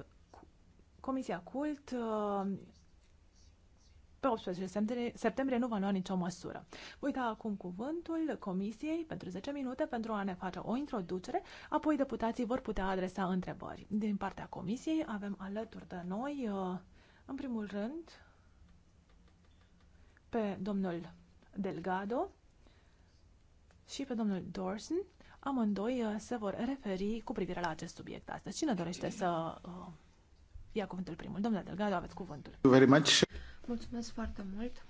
Comisia Cult uh, pe 18 septembrie nu va lua nicio măsură. Voi da acum cuvântul Comisiei pentru 10 minute pentru a ne face o introducere, apoi deputații vor putea adresa întrebări. Din partea Comisiei avem alături de noi, uh, în primul rând, pe domnul Delgado și pe domnul Dorsen amândoi uh, se vor referi cu privire la acest subiect astăzi. Cine dorește să uh, ia cuvântul primul? Domnule Delgado, aveți cuvântul. Mulțumesc foarte mult.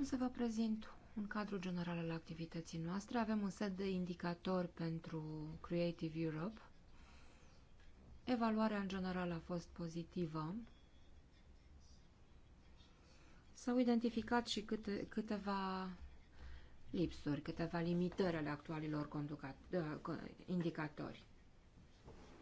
O să vă prezint un cadru general al activității noastre. Avem un set de indicatori pentru Creative Europe. Evaluarea în general a fost pozitivă S-au identificat și câte, câteva lipsuri, câteva limitări ale actualilor indicatori.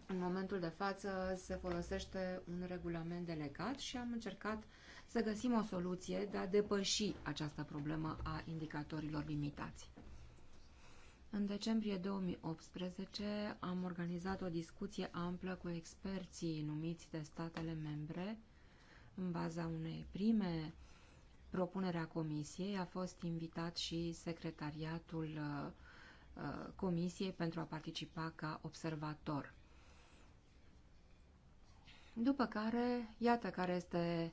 În momentul de față se folosește un regulament delegat și am încercat să găsim o soluție de a depăși această problemă a indicatorilor limitați. În decembrie 2018 am organizat o discuție amplă cu experții numiți de statele membre în baza unei prime propunerea comisiei a fost invitat și secretariatul uh, uh, comisiei pentru a participa ca observator. După care, iată care este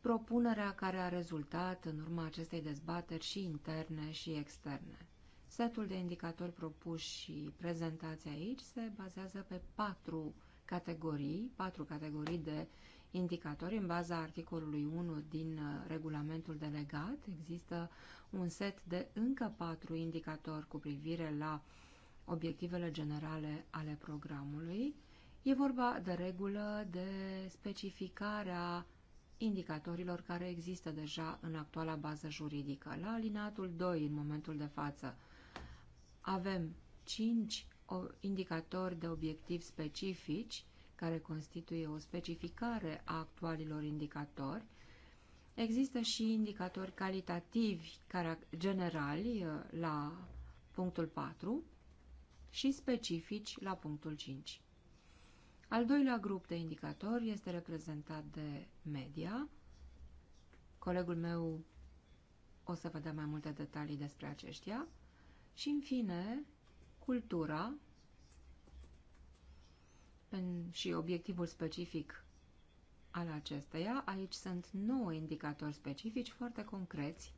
propunerea care a rezultat în urma acestei dezbateri și interne și externe. Setul de indicatori propuși și prezentați aici se bazează pe patru categorii, patru categorii de uh, indicatori în baza articolului 1 din uh, regulamentul delegat. Există un set de încă patru indicatori cu privire la obiectivele generale ale programului. E vorba de regulă de specificarea indicatorilor care există deja în actuala bază juridică. La alinatul 2, în momentul de față, avem 5 indicatori de obiectiv specifici care constituie o specificare a actualilor indicatori, există și indicatori calitativi generali uh, la punctul 4 și specifici la punctul 5. Al doilea grup de indicatori este reprezentat de media. Colegul meu o să vă dea mai multe detalii despre aceștia. Și, în fine, cultura, și obiectivul specific al acesteia. Aici sunt 9 indicatori specifici foarte concreți.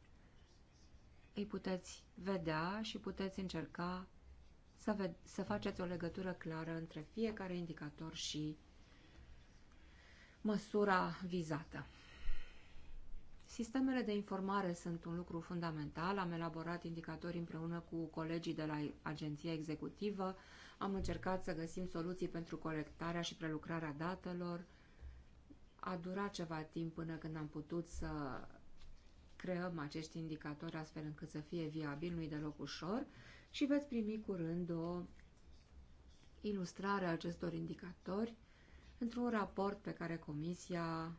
Îi puteți vedea și puteți încerca să, ve să faceți o legătură clară între fiecare indicator și măsura vizată. Sistemele de informare sunt un lucru fundamental. Am elaborat indicatori împreună cu colegii de la agenția executivă. Am încercat să găsim soluții pentru colectarea și prelucrarea datelor. A durat ceva timp până când am putut să creăm acești indicatori astfel încât să fie viabil, nu-i deloc ușor și veți primi curând o ilustrare a acestor indicatori într-un raport pe care Comisia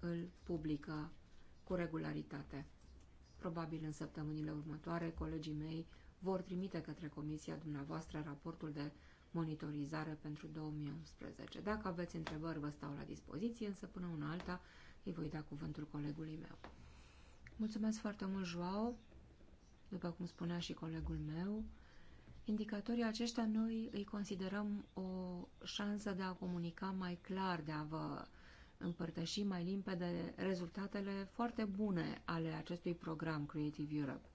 îl publică cu regularitate. Probabil în săptămânile următoare, colegii mei vor trimite către comisia dumneavoastră raportul de monitorizare pentru 2011. Dacă aveți întrebări, vă stau la dispoziție, însă până una alta îi voi da cuvântul colegului meu. Mulțumesc foarte mult, Joao. După cum spunea și colegul meu, indicatorii aceștia noi îi considerăm o șansă de a comunica mai clar, de a vă împărtăși mai limpede rezultatele foarte bune ale acestui program Creative Europe.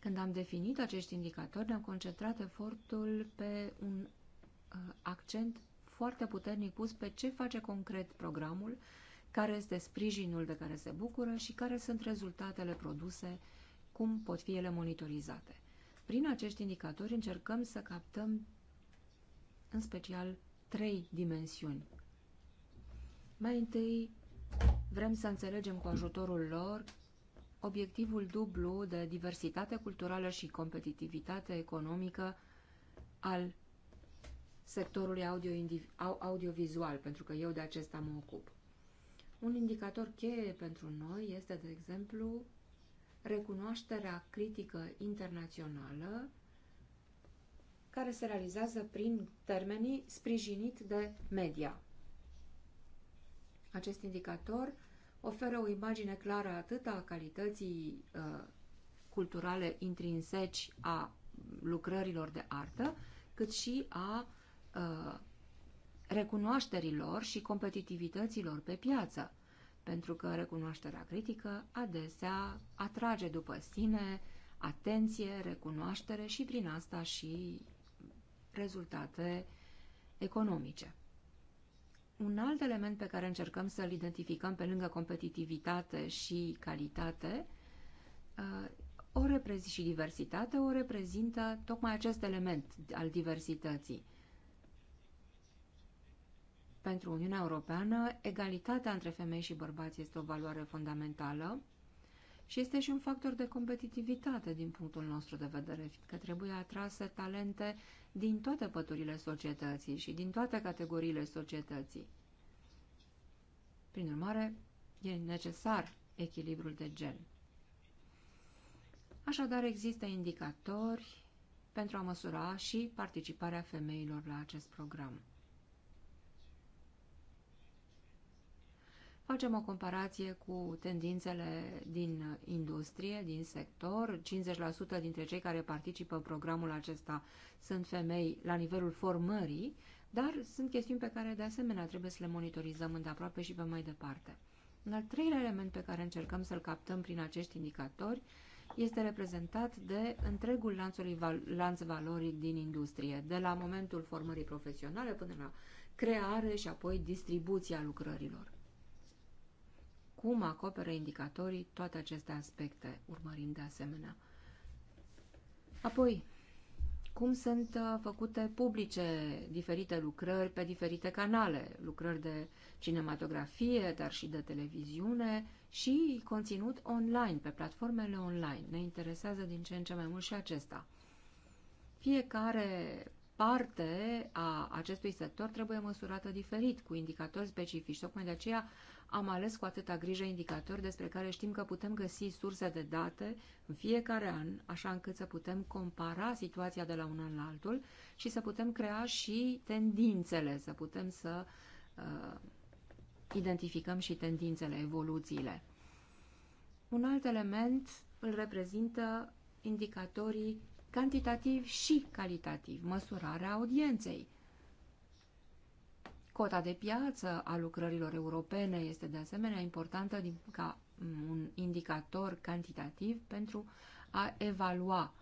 Când am definit acești indicatori, ne-am concentrat efortul pe un uh, accent foarte puternic pus pe ce face concret programul, care este sprijinul de care se bucură și care sunt rezultatele produse, cum pot fi ele monitorizate. Prin acești indicatori încercăm să captăm în special trei dimensiuni. Mai întâi, vrem să înțelegem cu ajutorul lor obiectivul dublu de diversitate culturală și competitivitate economică al sectorului audio audiovizual, pentru că eu de acesta mă ocup. Un indicator cheie pentru noi este, de exemplu, recunoașterea critică internațională care se realizează prin termenii sprijinit de media. Acest indicator oferă o imagine clară atât a calității uh, culturale intrinseci a lucrărilor de artă, cât și a uh, recunoașterilor și competitivităților pe piață, pentru că recunoașterea critică adesea atrage după sine atenție, recunoaștere și prin asta și rezultate economice. Un alt element pe care încercăm să-l identificăm pe lângă competitivitate și calitate uh, o și diversitate o reprezintă tocmai acest element al diversității. Pentru Uniunea Europeană, egalitatea între femei și bărbați este o valoare fundamentală și este și un factor de competitivitate din punctul nostru de vedere, fiindcă trebuie atrase talente din toate păturile societății și din toate categoriile societății. Prin urmare, e necesar echilibrul de gen. Așadar, există indicatori pentru a măsura și participarea femeilor la acest program. Facem o comparație cu tendințele din industrie, din sector. 50% dintre cei care participă în programul acesta sunt femei la nivelul formării, dar sunt chestiuni pe care de asemenea trebuie să le monitorizăm îndeaproape și pe mai departe. Un al treilea element pe care încercăm să-l captăm prin acești indicatori este reprezentat de întregul lanțului val lanț valorii din industrie, de la momentul formării profesionale până la creare și apoi distribuția lucrărilor cum acoperă indicatorii toate aceste aspecte, urmărind de asemenea. Apoi, cum sunt uh, făcute publice diferite lucrări pe diferite canale, lucrări de cinematografie, dar și de televiziune și conținut online, pe platformele online. Ne interesează din ce în ce mai mult și acesta. Fiecare parte a acestui sector trebuie măsurată diferit, cu indicatori specifici. Tocmai de aceea am ales cu atâta grijă indicatori despre care știm că putem găsi surse de date în fiecare an, așa încât să putem compara situația de la un an la altul și să putem crea și tendințele, să putem să uh, identificăm și tendințele, evoluțiile. Un alt element îl reprezintă indicatorii cantitativ și calitativ, măsurarea audienței. Cota de piață a lucrărilor europene este de asemenea importantă din, ca un indicator cantitativ pentru a evalua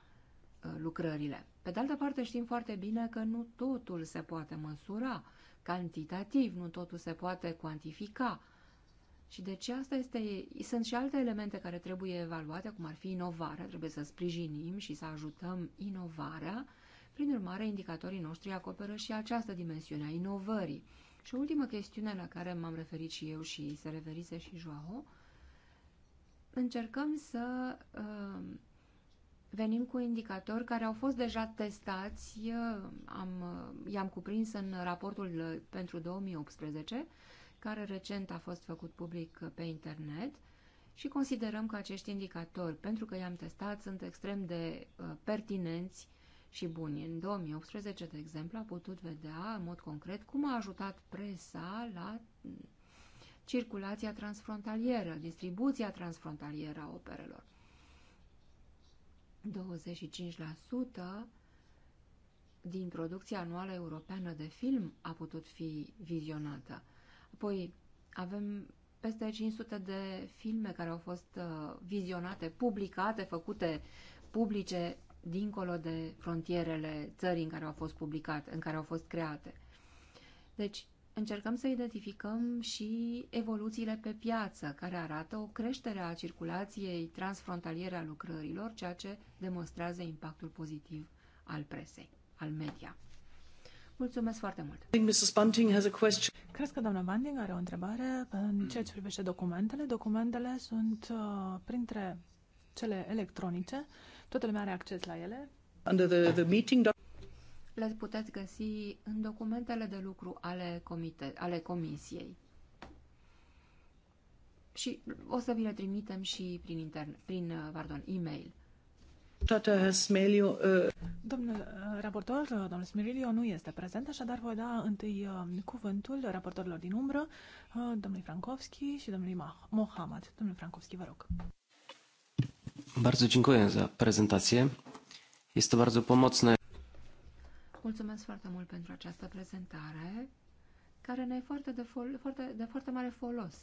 uh, lucrările. Pe de altă parte, știm foarte bine că nu totul se poate măsura cantitativ, nu totul se poate cuantifica. Și deci asta este, sunt și alte elemente care trebuie evaluate, cum ar fi inovarea, trebuie să sprijinim și să ajutăm inovarea. Prin urmare, indicatorii noștri acoperă și această dimensiune a inovării. Și o ultimă chestiune la care m-am referit și eu și se referise și Joao, încercăm să uh, venim cu indicatori care au fost deja testați, uh, am, uh, i-am cuprins în raportul uh, pentru 2018, care recent a fost făcut public pe internet și considerăm că acești indicatori, pentru că i-am testat, sunt extrem de uh, pertinenți și buni. În 2018, de exemplu, a putut vedea în mod concret cum a ajutat presa la circulația transfrontalieră, distribuția transfrontalieră a operelor. 25% din producția anuală europeană de film a putut fi vizionată. Apoi avem peste 500 de filme care au fost uh, vizionate, publicate, făcute publice dincolo de frontierele țării în care au fost publicate, în care au fost create. Deci, încercăm să identificăm și evoluțiile pe piață, care arată o creștere a circulației transfrontaliere a lucrărilor, ceea ce demonstrează impactul pozitiv al presei, al media. Mulțumesc foarte mult. Cred că doamna Bunting are o întrebare în ceea ce privește documentele. Documentele sunt uh, printre cele electronice Toată lumea are acces la ele. Under the, the meeting le puteți găsi în documentele de lucru ale, comite, ale comisiei. Și o să vi le trimitem și prin, internet, prin uh, pardon, e-mail. Toată Smelio... Uh... Domnul uh, raportor, uh, domnul Smirilio nu este prezent, așadar voi da întâi cuvântul raportorilor din umbră, domnului Frankovski și domnului Mohamed. Domnul Frankovski, vă rog. Bardzo dziękuję za prezentację. bardzo pomocne. Mulțumesc foarte mult pentru această prezentare, care ne e foarte de, fol- foarte, de foarte mare folos.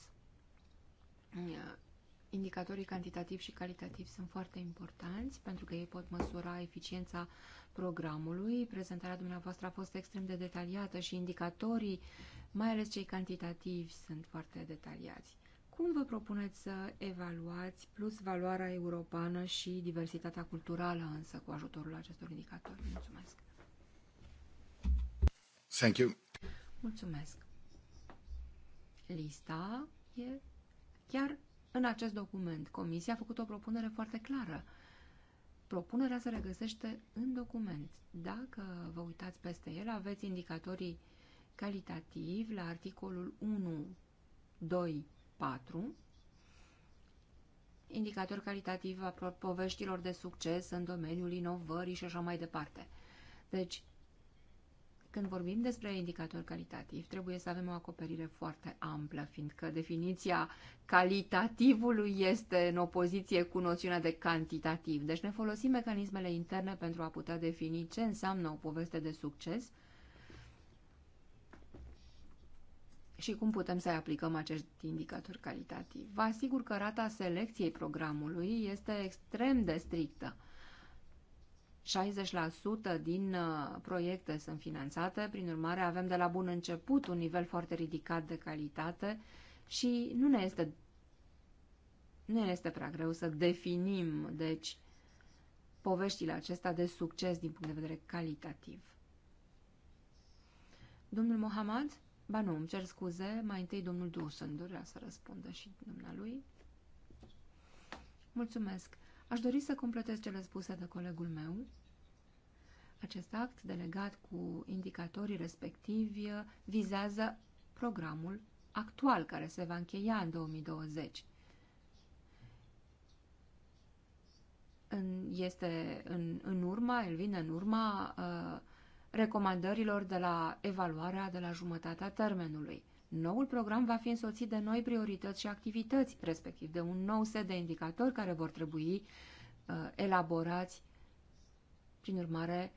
Indicatorii cantitativ și calitativ sunt foarte importanți pentru că ei pot măsura eficiența programului. Prezentarea dumneavoastră a fost extrem de detaliată și indicatorii, mai ales cei cantitativi, sunt foarte detaliați. Cum vă propuneți să evaluați plus valoarea europeană și diversitatea culturală însă cu ajutorul acestor indicatori? Mulțumesc! Thank you. Mulțumesc! Lista e chiar în acest document. Comisia a făcut o propunere foarte clară. Propunerea se regăsește în document. Dacă vă uitați peste el, aveți indicatorii calitativi la articolul 1, 2, 4, indicator calitativ a poveștilor de succes în domeniul inovării și așa mai departe. Deci, când vorbim despre indicator calitativ, trebuie să avem o acoperire foarte amplă, fiindcă definiția calitativului este în opoziție cu noțiunea de cantitativ. Deci ne folosim mecanismele interne pentru a putea defini ce înseamnă o poveste de succes – și cum putem să aplicăm acești indicatori calitativi. Vă asigur că rata selecției programului este extrem de strictă. 60% din uh, proiecte sunt finanțate, prin urmare avem de la bun început un nivel foarte ridicat de calitate și nu ne este, nu ne este prea greu să definim, deci, poveștile acestea de succes din punct de vedere calitativ. Domnul Mohamed? Ba nu, îmi cer scuze, mai întâi domnul Dawson dorea să răspundă și dumnealui. Mulțumesc. Aș dori să completez cele spuse de colegul meu. Acest act delegat cu indicatorii respectivi vizează programul actual care se va încheia în 2020. În, este în, în urma, el vine în urma uh, recomandărilor de la evaluarea de la jumătatea termenului. Noul program va fi însoțit de noi priorități și activități, respectiv de un nou set de indicatori care vor trebui uh, elaborați. Prin urmare,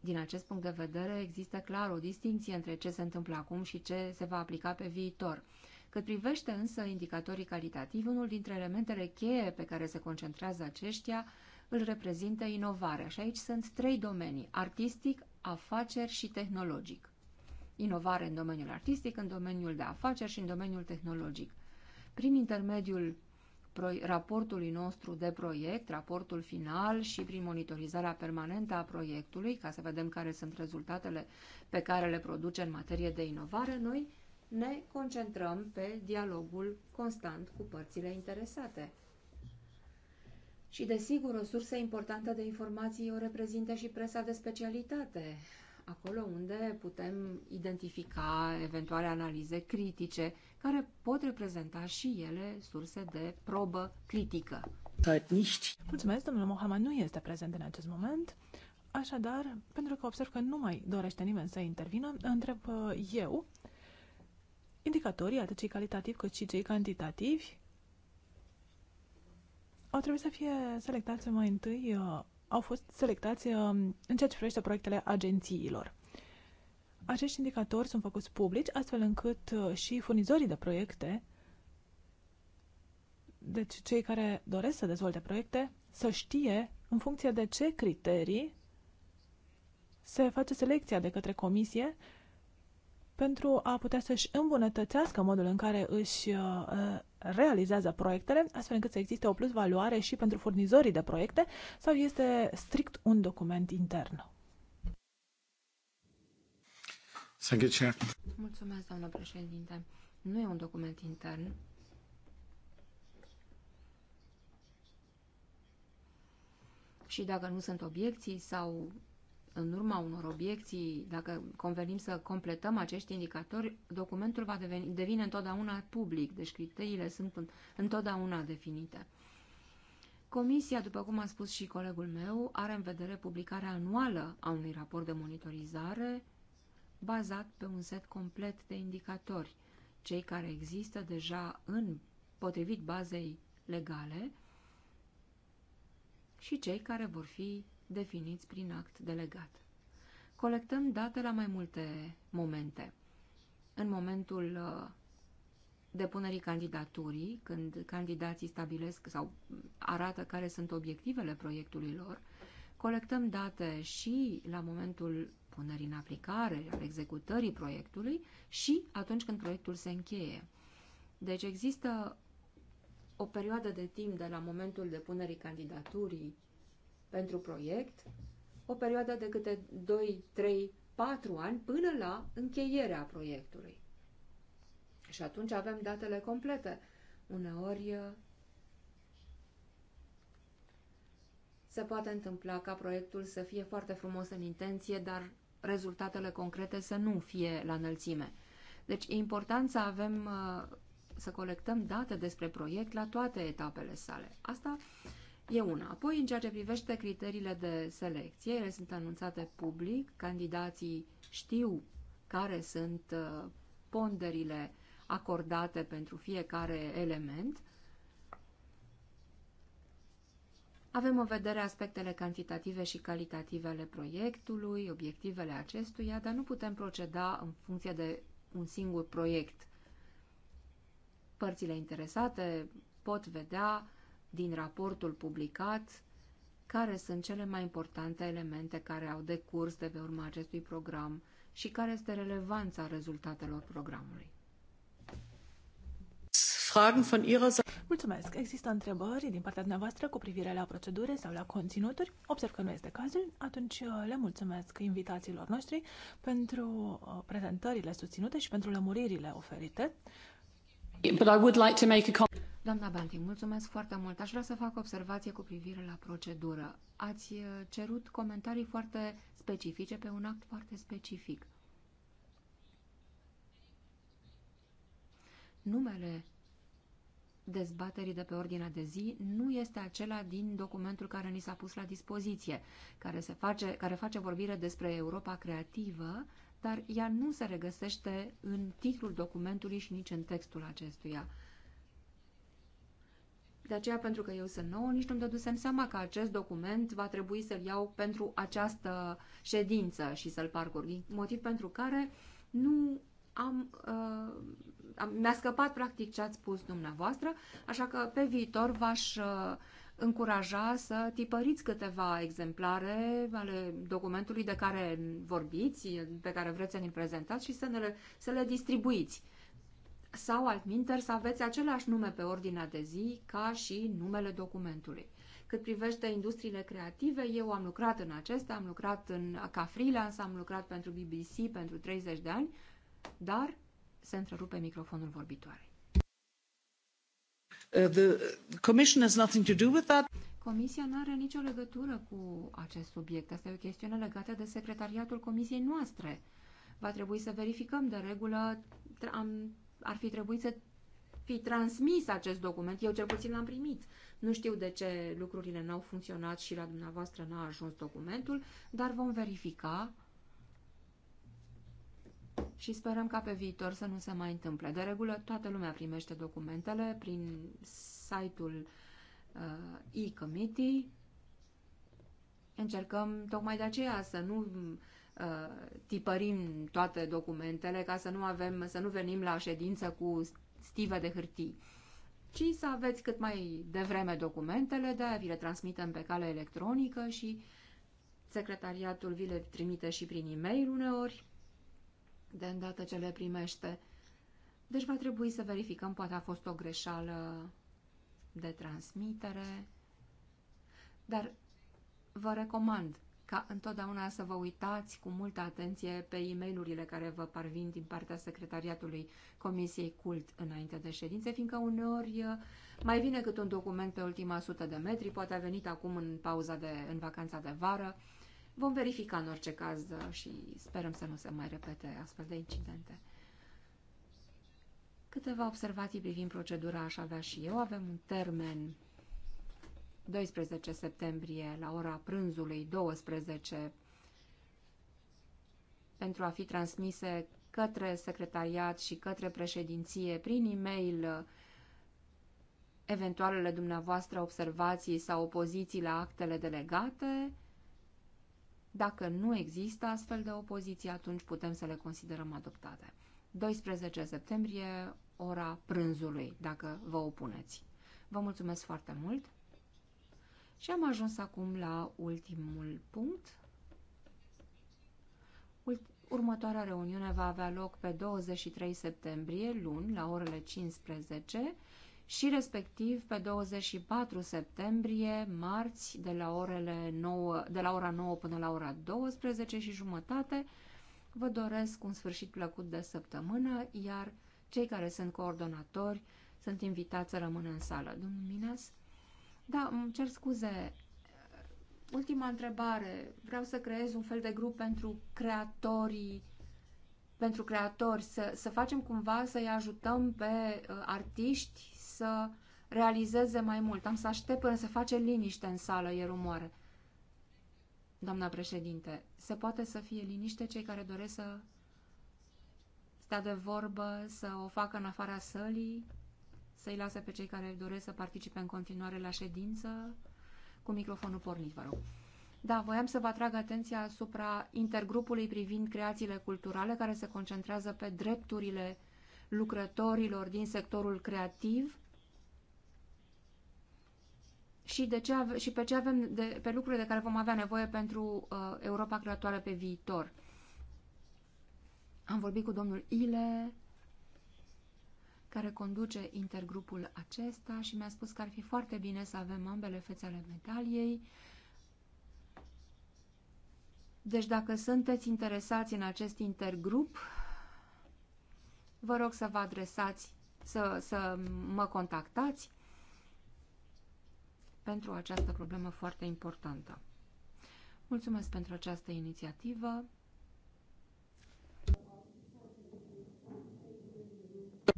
din acest punct de vedere, există clar o distinție între ce se întâmplă acum și ce se va aplica pe viitor. Cât privește însă indicatorii calitativi, unul dintre elementele cheie pe care se concentrează aceștia îl reprezintă inovarea. Și aici sunt trei domenii, artistic, afaceri și tehnologic. Inovare în domeniul artistic, în domeniul de afaceri și în domeniul tehnologic. Prin intermediul raportului nostru de proiect, raportul final și prin monitorizarea permanentă a proiectului, ca să vedem care sunt rezultatele pe care le produce în materie de inovare, noi ne concentrăm pe dialogul constant cu părțile interesate. Și, desigur, o sursă importantă de informații o reprezintă și presa de specialitate, acolo unde putem identifica eventuale analize critice, care pot reprezenta și ele surse de probă critică. Mulțumesc, domnul Mohamed nu este prezent în acest moment. Așadar, pentru că observ că nu mai dorește nimeni să intervină, întreb uh, eu, indicatorii, atât cei calitativi cât și cei cantitativi, au trebuit să fie selectați mai întâi, uh, au fost selectați uh, în ceea ce privește proiectele agențiilor. Acești indicatori sunt făcuți publici, astfel încât uh, și furnizorii de proiecte, deci cei care doresc să dezvolte proiecte, să știe în funcție de ce criterii se face selecția de către comisie pentru a putea să-și îmbunătățească modul în care își uh, uh, realizează proiectele, astfel încât să existe o plusvaloare și pentru furnizorii de proiecte, sau este strict un document intern? Mulțumesc, doamnă președinte. Nu e un document intern. Și dacă nu sunt obiecții sau în urma unor obiecții, dacă convenim să completăm acești indicatori, documentul va deveni, devine întotdeauna public, deci criteriile sunt întotdeauna definite. Comisia, după cum a spus și colegul meu, are în vedere publicarea anuală a unui raport de monitorizare bazat pe un set complet de indicatori, cei care există deja în potrivit bazei legale și cei care vor fi definiți prin act delegat. Colectăm date la mai multe momente. În momentul uh, depunerii candidaturii, când candidații stabilesc sau arată care sunt obiectivele proiectului lor, colectăm date și la momentul punerii în aplicare, al executării proiectului și atunci când proiectul se încheie. Deci există o perioadă de timp de la momentul depunerii candidaturii pentru proiect, o perioadă de câte 2, 3, 4 ani până la încheierea proiectului. Și atunci avem datele complete. Uneori uh, se poate întâmpla ca proiectul să fie foarte frumos în intenție, dar rezultatele concrete să nu fie la înălțime. Deci e important să avem, uh, să colectăm date despre proiect la toate etapele sale. Asta E una. Apoi, în ceea ce privește criteriile de selecție, ele sunt anunțate public, candidații știu care sunt uh, ponderile acordate pentru fiecare element. Avem în vedere aspectele cantitative și calitative ale proiectului, obiectivele acestuia, dar nu putem proceda în funcție de un singur proiect. Părțile interesate pot vedea din raportul publicat care sunt cele mai importante elemente care au decurs de pe urma acestui program și care este relevanța rezultatelor programului. Mulțumesc. Există întrebări din partea dumneavoastră cu privire la procedure sau la conținuturi? Observ că nu este cazul. Atunci uh, le mulțumesc invitațiilor noștri pentru uh, prezentările susținute și pentru lămuririle oferite. But I would like to make a Doamna Banti, mulțumesc foarte mult. Aș vrea să fac observație cu privire la procedură. Ați uh, cerut comentarii foarte specifice pe un act foarte specific. Numele dezbaterii de pe ordinea de zi nu este acela din documentul care ni s-a pus la dispoziție, care, se face, care face vorbire despre Europa creativă, dar ea nu se regăsește în titlul documentului și nici în textul acestuia. De aceea, pentru că eu sunt nouă, nici nu-mi dădusem seama că acest document va trebui să-l iau pentru această ședință și să-l parcurg, motiv pentru care nu am, uh, am mi-a scăpat practic ce ați spus dumneavoastră, așa că pe viitor v-aș uh, încuraja să tipăriți câteva exemplare ale documentului de care vorbiți, pe care vreți să ne prezentați și să, ne, să le distribuiți. Sau, altminteri, să aveți același nume pe ordinea de zi ca și numele documentului. Cât privește industriile creative, eu am lucrat în acestea, am lucrat în, ca freelance, am lucrat pentru BBC pentru 30 de ani, dar se întrerupe microfonul vorbitoare. Uh, the Commission has nothing to do with that. Comisia nu are nicio legătură cu acest subiect. Asta e o chestiune legată de secretariatul comisiei noastre. Va trebui să verificăm de regulă. Am, ar fi trebuit să fi transmis acest document. Eu cel puțin l-am primit. Nu știu de ce lucrurile n-au funcționat și la dumneavoastră n-a ajuns documentul, dar vom verifica și sperăm ca pe viitor să nu se mai întâmple. De regulă, toată lumea primește documentele prin site-ul uh, e-committee. Încercăm tocmai de aceea să nu uh, tipărim toate documentele ca să nu, avem, să nu venim la ședință cu stive de hârtii, ci să aveți cât mai devreme documentele, de vi le transmitem pe cale electronică și secretariatul vi le trimite și prin e-mail uneori de îndată ce le primește. Deci va trebui să verificăm, poate a fost o greșeală de transmitere, dar vă recomand ca întotdeauna să vă uitați cu multă atenție pe e mail care vă parvin din partea secretariatului Comisiei Cult înainte de ședințe, fiindcă uneori mai vine cât un document pe ultima sută de metri, poate a venit acum în pauza de, în vacanța de vară, Vom verifica în orice caz uh, și sperăm să nu se mai repete astfel de incidente. Câteva observații privind procedura aș avea și eu. Avem un termen 12 septembrie la ora prânzului 12 pentru a fi transmise către secretariat și către președinție prin e-mail uh, eventualele dumneavoastră observații sau opoziții la actele delegate dacă nu există astfel de opoziție, atunci putem să le considerăm adoptate. 12 septembrie, ora prânzului, dacă vă opuneți. Vă mulțumesc foarte mult și am ajuns acum la ultimul punct. Următoarea reuniune va avea loc pe 23 septembrie, luni, la orele 15, și respectiv pe 24 septembrie, marți, de la, orele 9, de la ora 9 până la ora 12 și jumătate. Vă doresc un sfârșit plăcut de săptămână, iar cei care sunt coordonatori sunt invitați să rămână în sală. Domnul Minas? Da, îmi cer scuze. Ultima întrebare. Vreau să creez un fel de grup pentru creatorii pentru creatori, să, să facem cumva să-i ajutăm pe uh, artiști să realizeze mai mult. Am să aștept până se face liniște în sală, e rumoare. Doamna președinte, se poate să fie liniște cei care doresc să stea de vorbă, să o facă în afara sălii, să-i lase pe cei care doresc să participe în continuare la ședință, cu microfonul pornit, vă rog. Da, voiam să vă atrag atenția asupra intergrupului privind creațiile culturale, care se concentrează pe drepturile lucrătorilor din sectorul creativ, și, de ce ave- și pe, ce avem de, pe lucrurile de care vom avea nevoie pentru uh, Europa creatoare pe viitor. Am vorbit cu domnul Ile, care conduce intergrupul acesta și mi-a spus că ar fi foarte bine să avem ambele fețe ale medaliei. Deci dacă sunteți interesați în acest intergrup, vă rog să vă adresați, să, să mă contactați pentru această problemă foarte importantă. Mulțumesc pentru această inițiativă.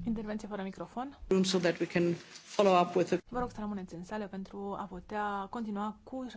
Intervenție fără microfon. Vă rog să rămâneți în sală pentru a putea continua cu